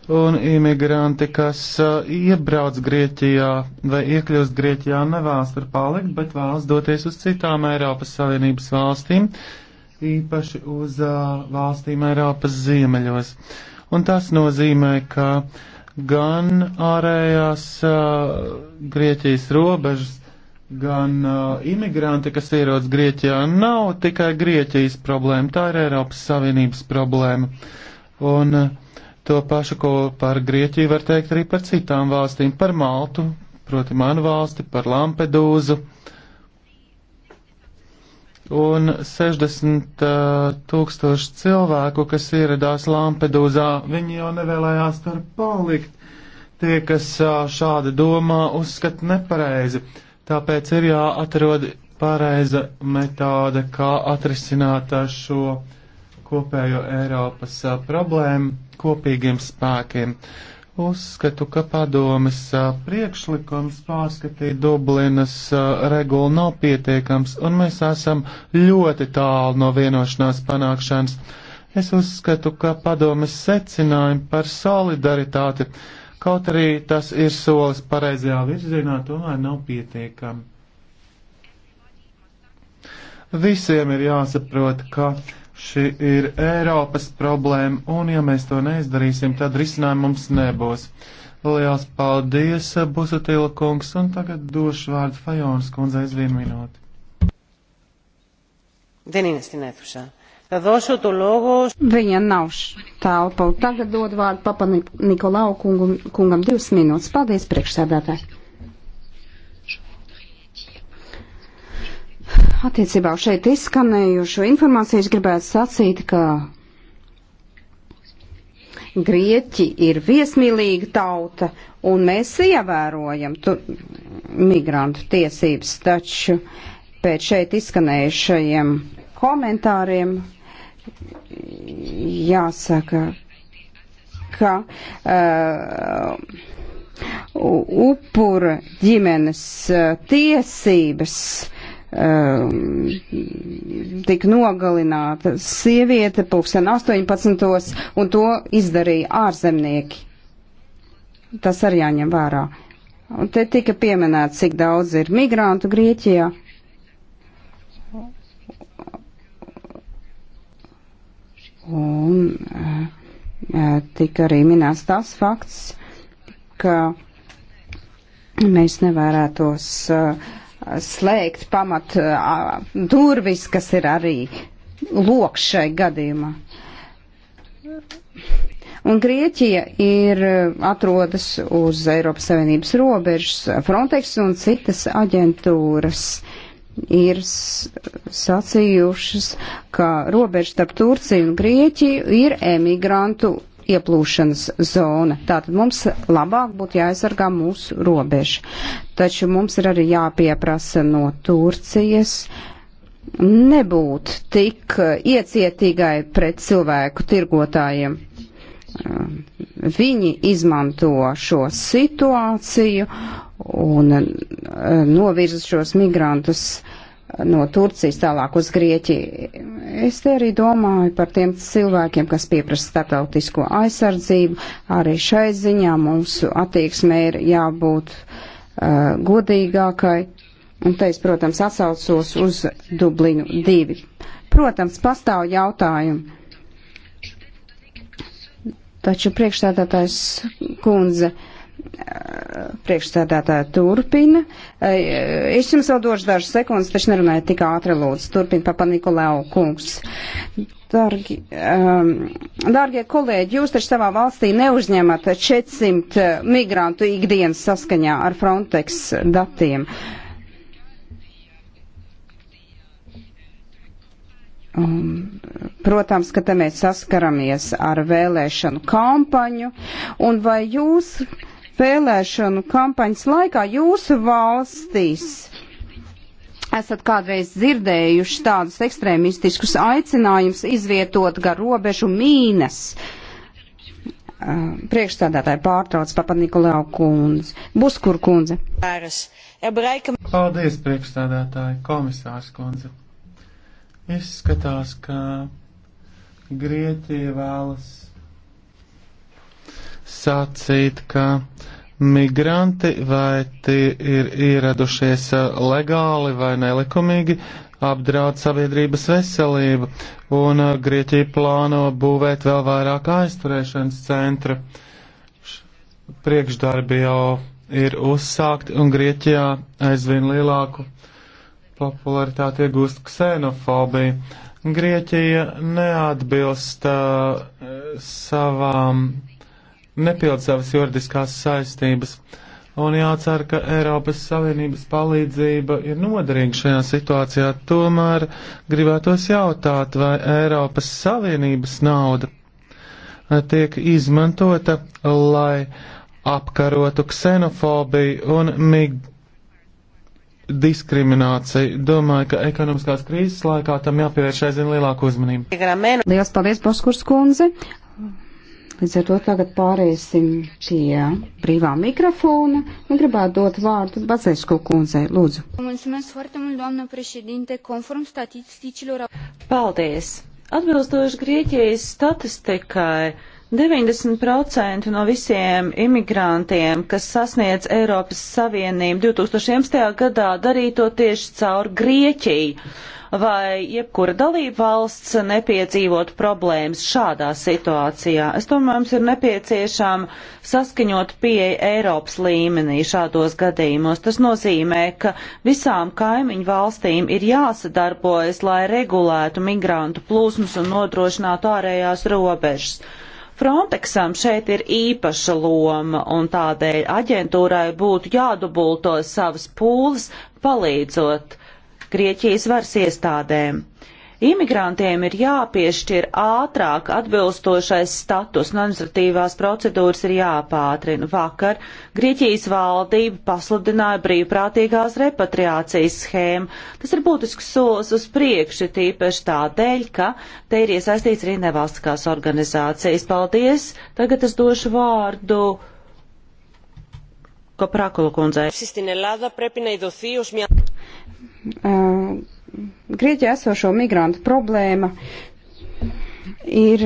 Speaker 2: un imigranti, kas uh, iebrauc Grieķijā vai iekļūst Grieķijā, nevēlas tur palikt, bet vēlas doties uz citām Eiropas Savienības valstīm, īpaši uz uh, valstīm Eiropas ziemeļos. Un tas nozīmē, ka gan ārējās uh, Grieķijas robežas, gan uh, imigranti, kas ierodas Grieķijā, nav tikai Grieķijas problēma, tā ir Eiropas Savienības problēma. Un, uh, To pašu, ko par Grieķiju var teikt arī par citām valstīm, par Maltu, proti manu valsti, par Lampedūzu. Un 60 tūkstoši cilvēku, kas ieradās Lampedūzā, viņi jau nevēlējās tur palikt. Tie, kas šādi domā, uzskata nepareizi. Tāpēc ir jāatrod pareiza metode, kā atrisināt šo kopējo Eiropas problēmu kopīgiem spēkiem. Uzskatu, ka padomis priekšlikums pārskatīt Dublinas regulu nav pietiekams, un mēs esam ļoti tālu no vienošanās panākšanas. Es uzskatu, ka padomis secinājumi par solidaritāti, kaut arī tas ir solis pareizajā virzienā, tomēr nav pietiekami. Visiem ir jāsaprot, ka Šī ir Eiropas problēma, un ja mēs to neizdarīsim, tad risinājumu mums nebūs. Lielas paldies, Busatila kungs, un tagad došu vārdu Fajonas kundzei uz vienu minūti.
Speaker 3: Viņa nav telpa. Tagad dod vārdu Papa Nikolau kungam divas minūtes. Paldies, priekšsēdētāji. attiecībā uz šeit izskanējušo informāciju es gribētu sacīt, ka Grieķi ir viesmīlīga tauta, un mēs ievērojam tu, migrantu tiesības, taču pēc šeit izskanējušajiem komentāriem jāsaka, ka uh, upura ģimenes uh, tiesības uh, Ehm, tika nogalināta sieviete pulksten 18. un to izdarīja ārzemnieki. Tas arī jāņem vērā. Un te tika pieminēts, cik daudz ir migrantu Grieķijā. Un eh, eh, tika arī minēts tas fakts, ka mēs nevarētos uh, slēgt pamat durvis, kas ir arī lokš šai gadījumā. Un Grieķija ir atrodas uz Eiropas Savienības robežas, Frontex un citas aģentūras ir sacījušas, ka robeža starp Turciju un Grieķiju ir emigrantu ieplūšanas zona. Tātad mums labāk būtu jāaizsargā mūsu robeža. Taču mums ir arī jāpieprasa no Turcijas nebūt tik iecietīgai pret cilvēku tirgotājiem. Viņi izmanto šo situāciju un novirza šos migrantus no Turcijas tālāk uz Grieķiju. Es te arī domāju par tiem cilvēkiem, kas pieprasa starptautisko aizsardzību. Arī šai ziņā mūsu attieksmē ir jābūt uh, godīgākai. Un te es, protams, atsaucos uz Dublinu divi. Protams, pastāv jautājumi. Taču priekšstādātājs kundze. Uh, priekšsēdētāja turpina. Eh, es jums vēl došu dažas sekundes, taču nerunāju tik ātri lūdzu. Turpina papa Nikolau kungs. Dargi, um, dārgie kolēģi, jūs taču savā valstī neuzņemat 400 eh, migrantu ikdienas saskaņā ar Frontex datiem. Um, protams, ka te mēs saskaramies ar vēlēšanu kampaņu, un vai jūs vēlēšanu kampaņas laikā jūsu valstīs esat kādreiz dzirdējuši tādus ekstrēmistiskus aicinājumus izvietot gar robežu mīnas. Priekšstādātāji pārtrauc papa Nikolau kundze. Buskur kundze.
Speaker 2: Paldies, priekšstādātāji, komisārs kundze. Izskatās, ka Grieķija vēlas sacīt, ka migranti vai tie ir ieradušies eh, legāli vai nelikumīgi, apdraud sabiedrības veselību, un eh, Grieķija plāno būvēt vēl vairāk aizturēšanas centra. Priekšdarbi jau ir uzsākti, un Grieķijā aizvien lielāku popularitāti iegūst ksenofobija. Grieķija neatbilst uh, savām nepild savas juridiskās saistības. Un jācer, ka Eiropas Savienības palīdzība ir noderīga šajā situācijā. Tomēr gribētos jautāt, vai Eiropas Savienības nauda tiek izmantota, lai apkarotu ksenofobiju un mig diskrimināciju. Domāju, ka ekonomiskās krīzes laikā tam jāpievērš aizvien lielāku
Speaker 3: uzmanību. Lielas paldies, Boskurs kundze. Līdz ar to tagad pāriesim pie brīvā mikrofona un gribētu dot vārdu Bazēsku kundzei. Lūdzu. Paldies! Atbilstoši Grieķijas
Speaker 1: statistikai 90% no visiem imigrantiem, kas sasniedz Eiropas Savienību 2011. gadā, darīto tieši caur Grieķiju, vai jebkura dalība valsts nepiedzīvot problēmas šādā situācijā. Es domāju, mums ir nepieciešama saskaņot pieeja Eiropas līmenī šādos gadījumos. Tas nozīmē, ka visām kaimiņu valstīm ir jāsadarbojas, lai regulētu migrantu plūsmas un nodrošinātu ārējās robežas. Frontexam šeit ir īpaša loma, un tādēļ aģentūrai būtu jādubulto savas pūles, palīdzot Grieķijas varas iestādēm. Uh, Imigrantiem ir jāpiešķir ātrāk atbilstošais status, un administratīvās procedūras ir jāpātrina. Vakar Grieķijas valdība pasludināja brīvprātīgās repatriācijas schēmu. Tas ir būtisks solis uz priekšu, tīpaši tādēļ, ka te ir iesaistīts arī nevalstiskās organizācijas. Paldies! Tagad es došu vārdu. Κοπράκολο κοντζάι. Στην Ελλάδα πρέπει να ειδωθεί ως μια...
Speaker 3: Grieķijā esošo migrantu problēma ir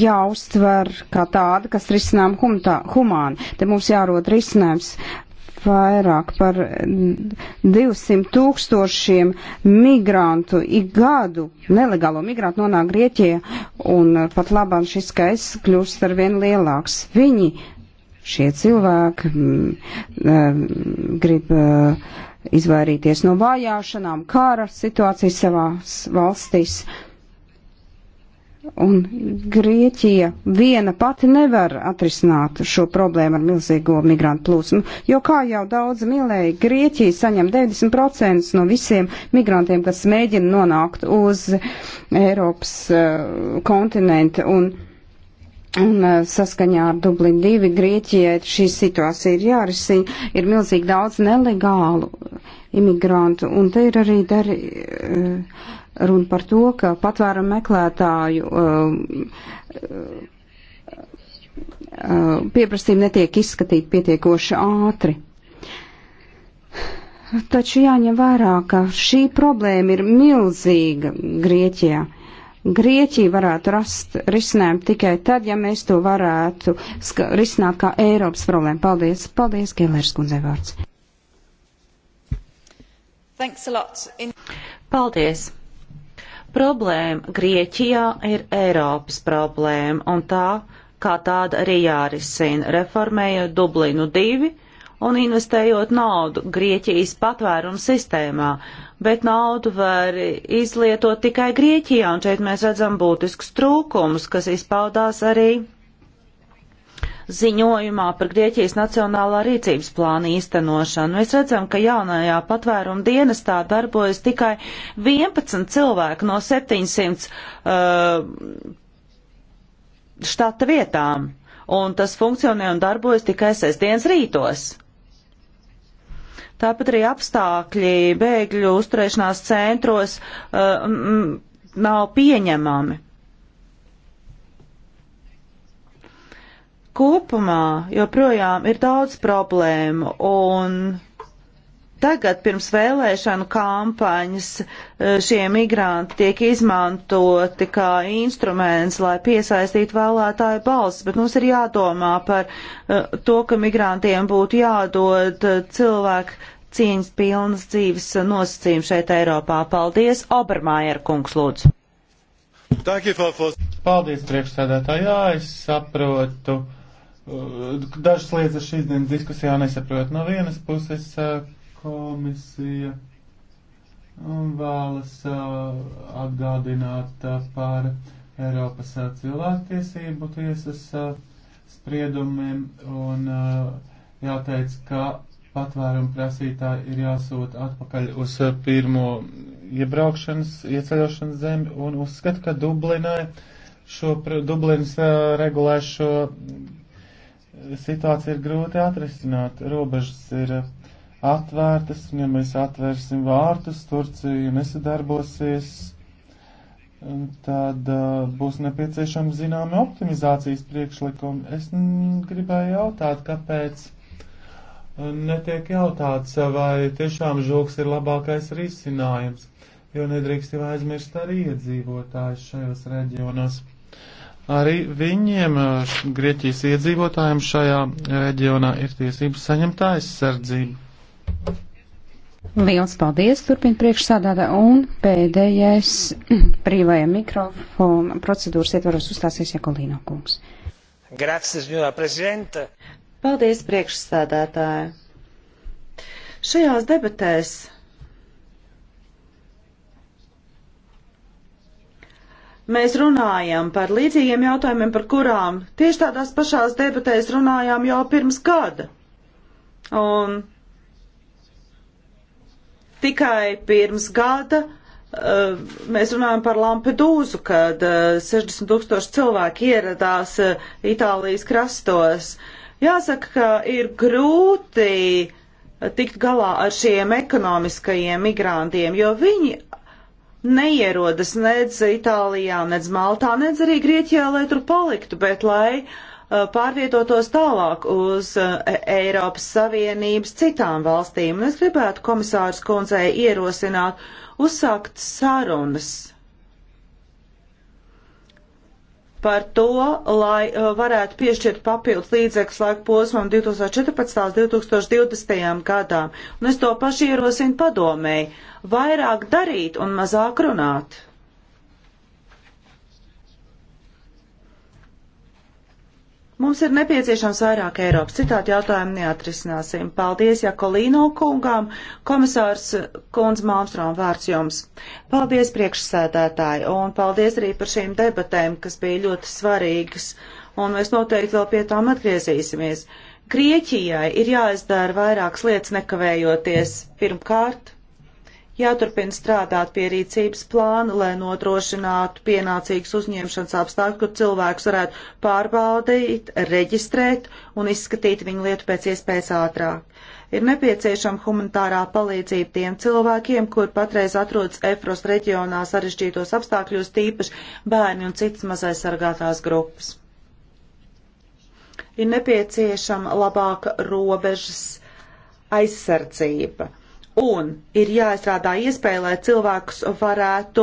Speaker 3: jāuztver kā tāda, kas risinām humtā, humāni. Te mums jārod risinājums vairāk par 200 tūkstošiem migrantu ik gadu, nelegālo migrantu nonāk Grieķijā, un pat labāk šis skaits kļūst ar vien lielāks. Viņi, šie cilvēki, mm, mm, grib. Uh, izvairīties no vajāšanām, kāra situācijas savās valstīs. Un Grieķija viena pati nevar atrisināt šo problēmu ar milzīgo migrantu plūsmu, jo, kā jau daudz mīlēja, Grieķija saņem 90% no visiem migrantiem, kas mēģina nonākt uz Eiropas uh, kontinentu. Un, Un eh, saskaņā ar Dublinu 2 Grieķijai šī situācija ir jārisina, ir milzīgi daudz nelegālu imigrantu. Un te ir arī dari, eh, runa par to, ka patvērumu meklētāju eh, eh, pieprasījumi netiek izskatīti pietiekoši ātri. Taču jāņem vērā, ka šī problēma ir milzīga Grieķijā. Grieķija varētu rast risinājumu tikai tad, ja mēs to varētu risināt kā Eiropas problēmu. Paldies, paldies, Gēlērs kundzei vārds. In...
Speaker 1: Paldies! Problēma Grieķijā ir Eiropas problēma, un tā kā tāda arī jārisina, reformējot Dublinu divi un investējot naudu Grieķijas patvērumu sistēmā, bet naudu var izlietot tikai Grieķijā, un šeit mēs redzam būtiskus trūkumus, kas izpaudās arī ziņojumā par Grieķijas nacionālā rīcības plāna īstenošanu. Mēs redzam, ka jaunajā patvēruma dienestā darbojas tikai 11 cilvēku no 700 uh, štata vietām, un tas funkcionē un darbojas tikai sestdienas rītos. Tāpat arī apstākļi bēgļu uzturēšanās centros uh, m, nav pieņemami. kopumā joprojām ir daudz problēmu un tagad pirms vēlēšanu kampaņas e, šie migranti tiek izmantoti kā instruments, lai piesaistītu vēlētāju balsis, bet mums ir jādomā par e, to, ka migrantiem būtu jādod e, cilvēku cieņas pilnas dzīves nosacījumi šeit Eiropā. Paldies, Obermājer kungs, lūdzu.
Speaker 2: Paldies, priekšsēdētāji. Jā, es saprotu Uh, dažas lietas ar šīs dienas diskusijā nesaprot. No vienas puses uh, komisija um, vēlas uh, atgādināt par Eiropas cilvēktiesību tiesas spriedumiem un jāteic, ka patvērumu prasītāji ir jāsūta atpakaļ uz pirmo iebraukšanas, ieceļošanas zemi un uzskata, ka Dublinai šo Dublinas regulē šo situācija ir grūti atrisināt. Robežas ir eh, atvērtas, un ja mēs atvērsim vārtus, Turcija nesadarbosies, tad uh, būs nepieciešama zināma optimizācijas priekšlikuma. Es gribēju jautāt, kāpēc eh, netiek jautāts, vai tiešām žoks ir labākais risinājums, jo nedrīkst jau aizmirst arī iedzīvotājus šajos reģionos. Arī viņiem, eh, Grieķijas iedzīvotājiem šajā reģionā ir tiesības saņemt aizsardzību.
Speaker 3: Liels paldies, turpina priekšsādātā, un pēdējais brīvajā mikrofona procedūras ietvaros uzstāsies Jakolīno kungs. Grazie, signora prezidenta.
Speaker 1: Paldies, priekšsādātāja. Šajās debatēs mēs runājam par līdzīgiem jautājumiem, par kurām tieši tādās pašās debatēs runājām jau pirms gada. Un tikai pirms gada uh, mēs runājam par Lampedūzu, kad uh, eh, 60 tūkstoši cilvēki ieradās uh, Itālijas krastos. Jāsaka, ka ir grūti tikt galā ar šiem ekonomiskajiem migrantiem, jo viņi neierodas nedz Itālijā, nedz Maltā, nedz arī Grieķijā, lai tur paliktu, bet lai uh, pārvietotos tālāk uz uh, e- Eiropas Savienības citām valstīm. Es gribētu komisārs kundzei ierosināt uzsākt sarunas par to, lai uh, varētu piešķirt papildus līdzekļus laika posmam 2014. līdz 2020. gadām. Un es to pašu ierosinu padomēji - vairāk darīt un mazāk runāt. Mums ir nepieciešams vairāk Eiropas, citādi jautājumu neatrisināsim. Paldies Jakolīno kungām, komisārs Kunz Malmstrom vārds jums. Paldies priekšsēdētāji un paldies arī par šīm debatēm, kas bija ļoti svarīgas, un mēs noteikti vēl pie tām atgriezīsimies. Grieķijai ir jāizdara vairākas lietas nekavējoties. Pirmkārt, jāturpina strādāt pie rīcības plāna, lai notrošinātu pienācīgus uzņemšanas apstākļus, kur cilvēks varētu pārbaudīt, reģistrēt un izskatīt viņu lietu pēc iespējas ātrāk. Ir nepieciešama humanitārā palīdzība tiem cilvēkiem, kur patreiz atrodas Efros reģionā sarežģītos apstākļos, tīpaši bērni un citas mazais sargātās grupas. Ir nepieciešama labāka robežas aizsardzība un ir jāizstrādā iespēja, lai cilvēkus varētu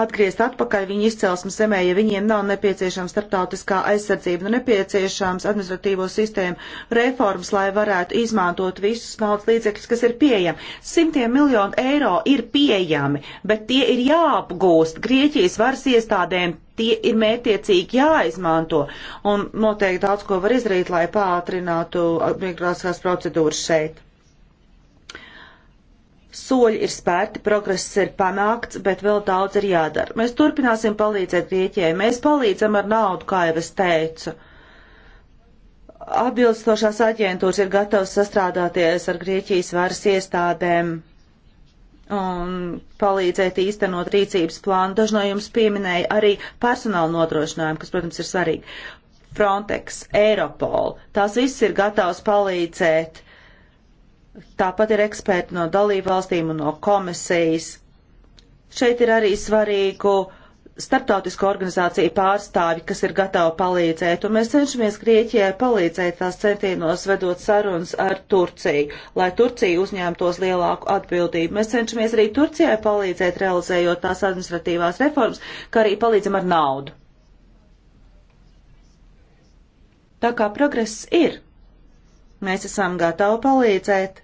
Speaker 1: atgriezt atpakaļ viņu izcelsmes zemē, ja viņiem nav nepieciešama starptautiskā aizsardzība, nu nepieciešams administratīvo sistēmu reformas, lai varētu izmantot visus naudas līdzekļus, kas ir pieejami. Simtiem miljonu eiro ir pieejami, bet tie ir jāapgūst Grieķijas varas iestādēm. Tie ir mētiecīgi jāizmanto, un noteikti daudz ko var izdarīt, lai pātrinātu migrācijas procedūras šeit. Soļi ir spērti, progress ir panākts, bet vēl daudz ir jādara. Mēs turpināsim palīdzēt Grieķijai. Mēs palīdzam ar naudu, kā jau es teicu. Atbilstošās aģentūras ir gatavas sastrādāties ar Grieķijas varas iestādēm un palīdzēt īstenot rīcības plānu. Daži no jums pieminēja arī personāla nodrošinājumu, kas, protams, ir svarīgi. Frontex, Eiropol, tās viss ir gatavs palīdzēt Tāpat ir eksperti no dalību valstīm un no komisijas. Šeit ir arī svarīgu starptautisko organizāciju pārstāvi, kas ir gatavi palīdzēt, un mēs cenšamies Grieķijai palīdzēt tās centienos vedot sarunas ar Turciju, lai Turcija uzņēmtos lielāku atbildību. Mēs cenšamies arī Turcijai palīdzēt realizējot tās administratīvās reformas, kā arī palīdzam ar naudu. Tā kā progress ir, mēs esam gatavi palīdzēt.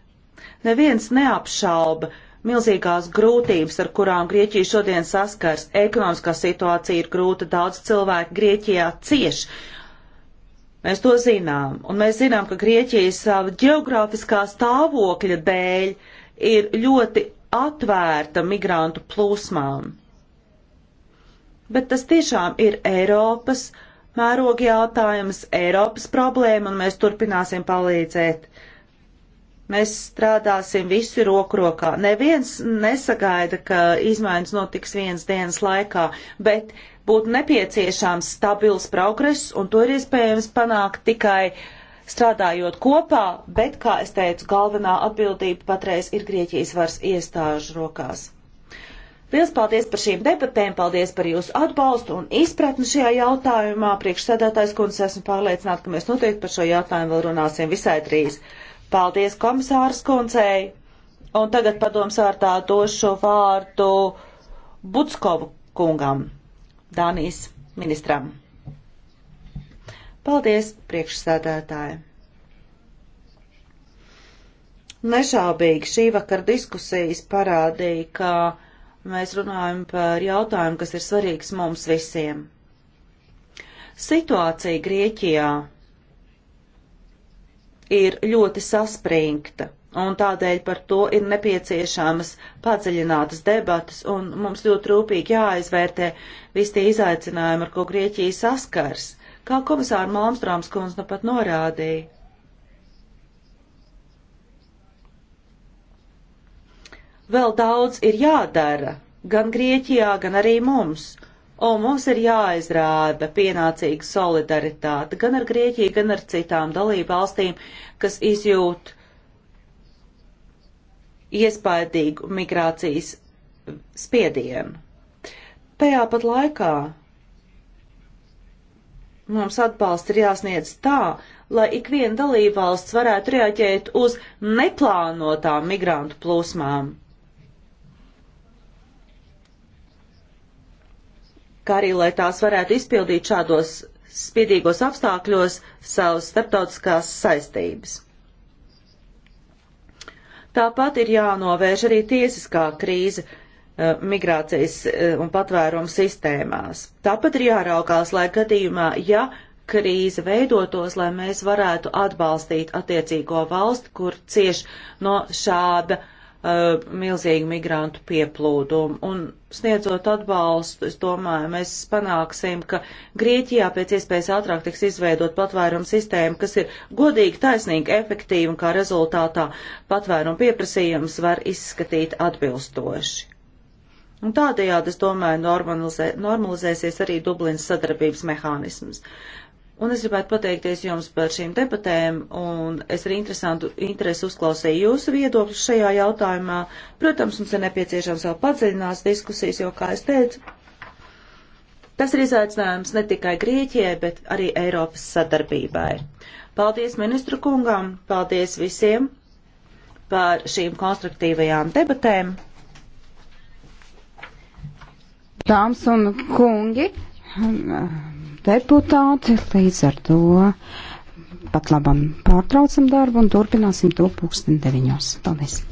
Speaker 1: Neviens neapšauba milzīgās grūtības, ar kurām Grieķija šodien saskars. Ekonomiskā situācija ir grūta, daudz cilvēku Grieķijā cieši. Mēs to zinām, un mēs zinām, ka Grieķija savu geogrāfiskā stāvokļa dēļ ir ļoti atvērta migrantu plūsmām. Bet tas tiešām ir Eiropas mēroga jautājums, Eiropas problēma, un mēs turpināsim palīdzēt. Mēs strādāsim visi roku rokā. Neviens nesagaida, ka izmaiņas notiks vienas dienas laikā, bet būtu nepieciešams stabils progress, un to ir iespējams panākt tikai strādājot kopā, bet, kā es teicu, galvenā atbildība patreiz ir Grieķijas varas iestāžu rokās. Liels paldies par šīm debatēm, paldies par jūsu atbalstu un izpratni šajā jautājumā. Priekšsēdētājs kundze, esmu pārliecināta, ka mēs noteikti par šo jautājumu vēl runāsim visai drīz. Paldies komisāras koncei. Un tagad padoms vārtā došu vārdu Butskovu kungam, Dānijas ministram. Paldies, priekšsēdētāji. Nešaubīgi šī vakar diskusijas parādīja, ka mēs runājam par jautājumu, kas ir svarīgs mums visiem. Situācija Grieķijā ir ļoti saspringta, un tādēļ par to ir nepieciešamas padziļinātas debatas, un mums ļoti rūpīgi jāizvērtē visi tie izaicinājumi, ar ko Grieķija saskars, kā komisāra Malmstrāms kundze nu pat norādīja. Vēl daudz ir jādara, gan Grieķijā, gan arī mums, Un mums ir jāizrāda pienācīga solidaritāte gan ar Grieķiju, gan ar citām dalību valstīm, kas izjūt iespaidīgu migrācijas spiedienu. Tajā pat laikā mums atbalsts ir jāsniedz tā, lai ik viena dalībvalsts varētu reaģēt uz neplānotām migrantu plūsmām. kā arī lai tās varētu izpildīt šādos spiedīgos apstākļos savas starptautiskās saistības. Tāpat ir jānovērš arī tiesiskā krīze uh, migrācijas uh, un patvērumu sistēmās. Tāpat ir jāraukās, lai gadījumā, ja krīze veidotos, lai mēs varētu atbalstīt attiecīgo valsti, kur cieš no šāda uh, uh, milzīgu migrantu pieplūdumu. Un sniedzot atbalstu, es domāju, mēs panāksim, ka Grieķijā pēc iespējas ātrāk tiks izveidot patvērumu sistēmu, kas ir godīgi, taisnīgi, efektīva un kā rezultātā patvērumu pieprasījums var izskatīt atbilstoši. Un tādējādi, es domāju, normalizē, normalizēsies arī Dublinas sadarbības mehānisms. Un es gribētu pateikties jums par šīm debatēm, un es arī interesantu interesi uzklausīju jūsu viedokļus šajā jautājumā. Protams, mums ir nepieciešams vēl padziļinās diskusijas, jo, kā es teicu, tas ir izaicinājums ne tikai Grieķijai, bet arī Eiropas sadarbībai. Paldies ministru kungam, paldies visiem par šīm konstruktīvajām debatēm.
Speaker 3: Dāmas un kungi deputāti, līdz ar to pat labam pārtraucam darbu un turpināsim to pulksten deviņos. Paldies!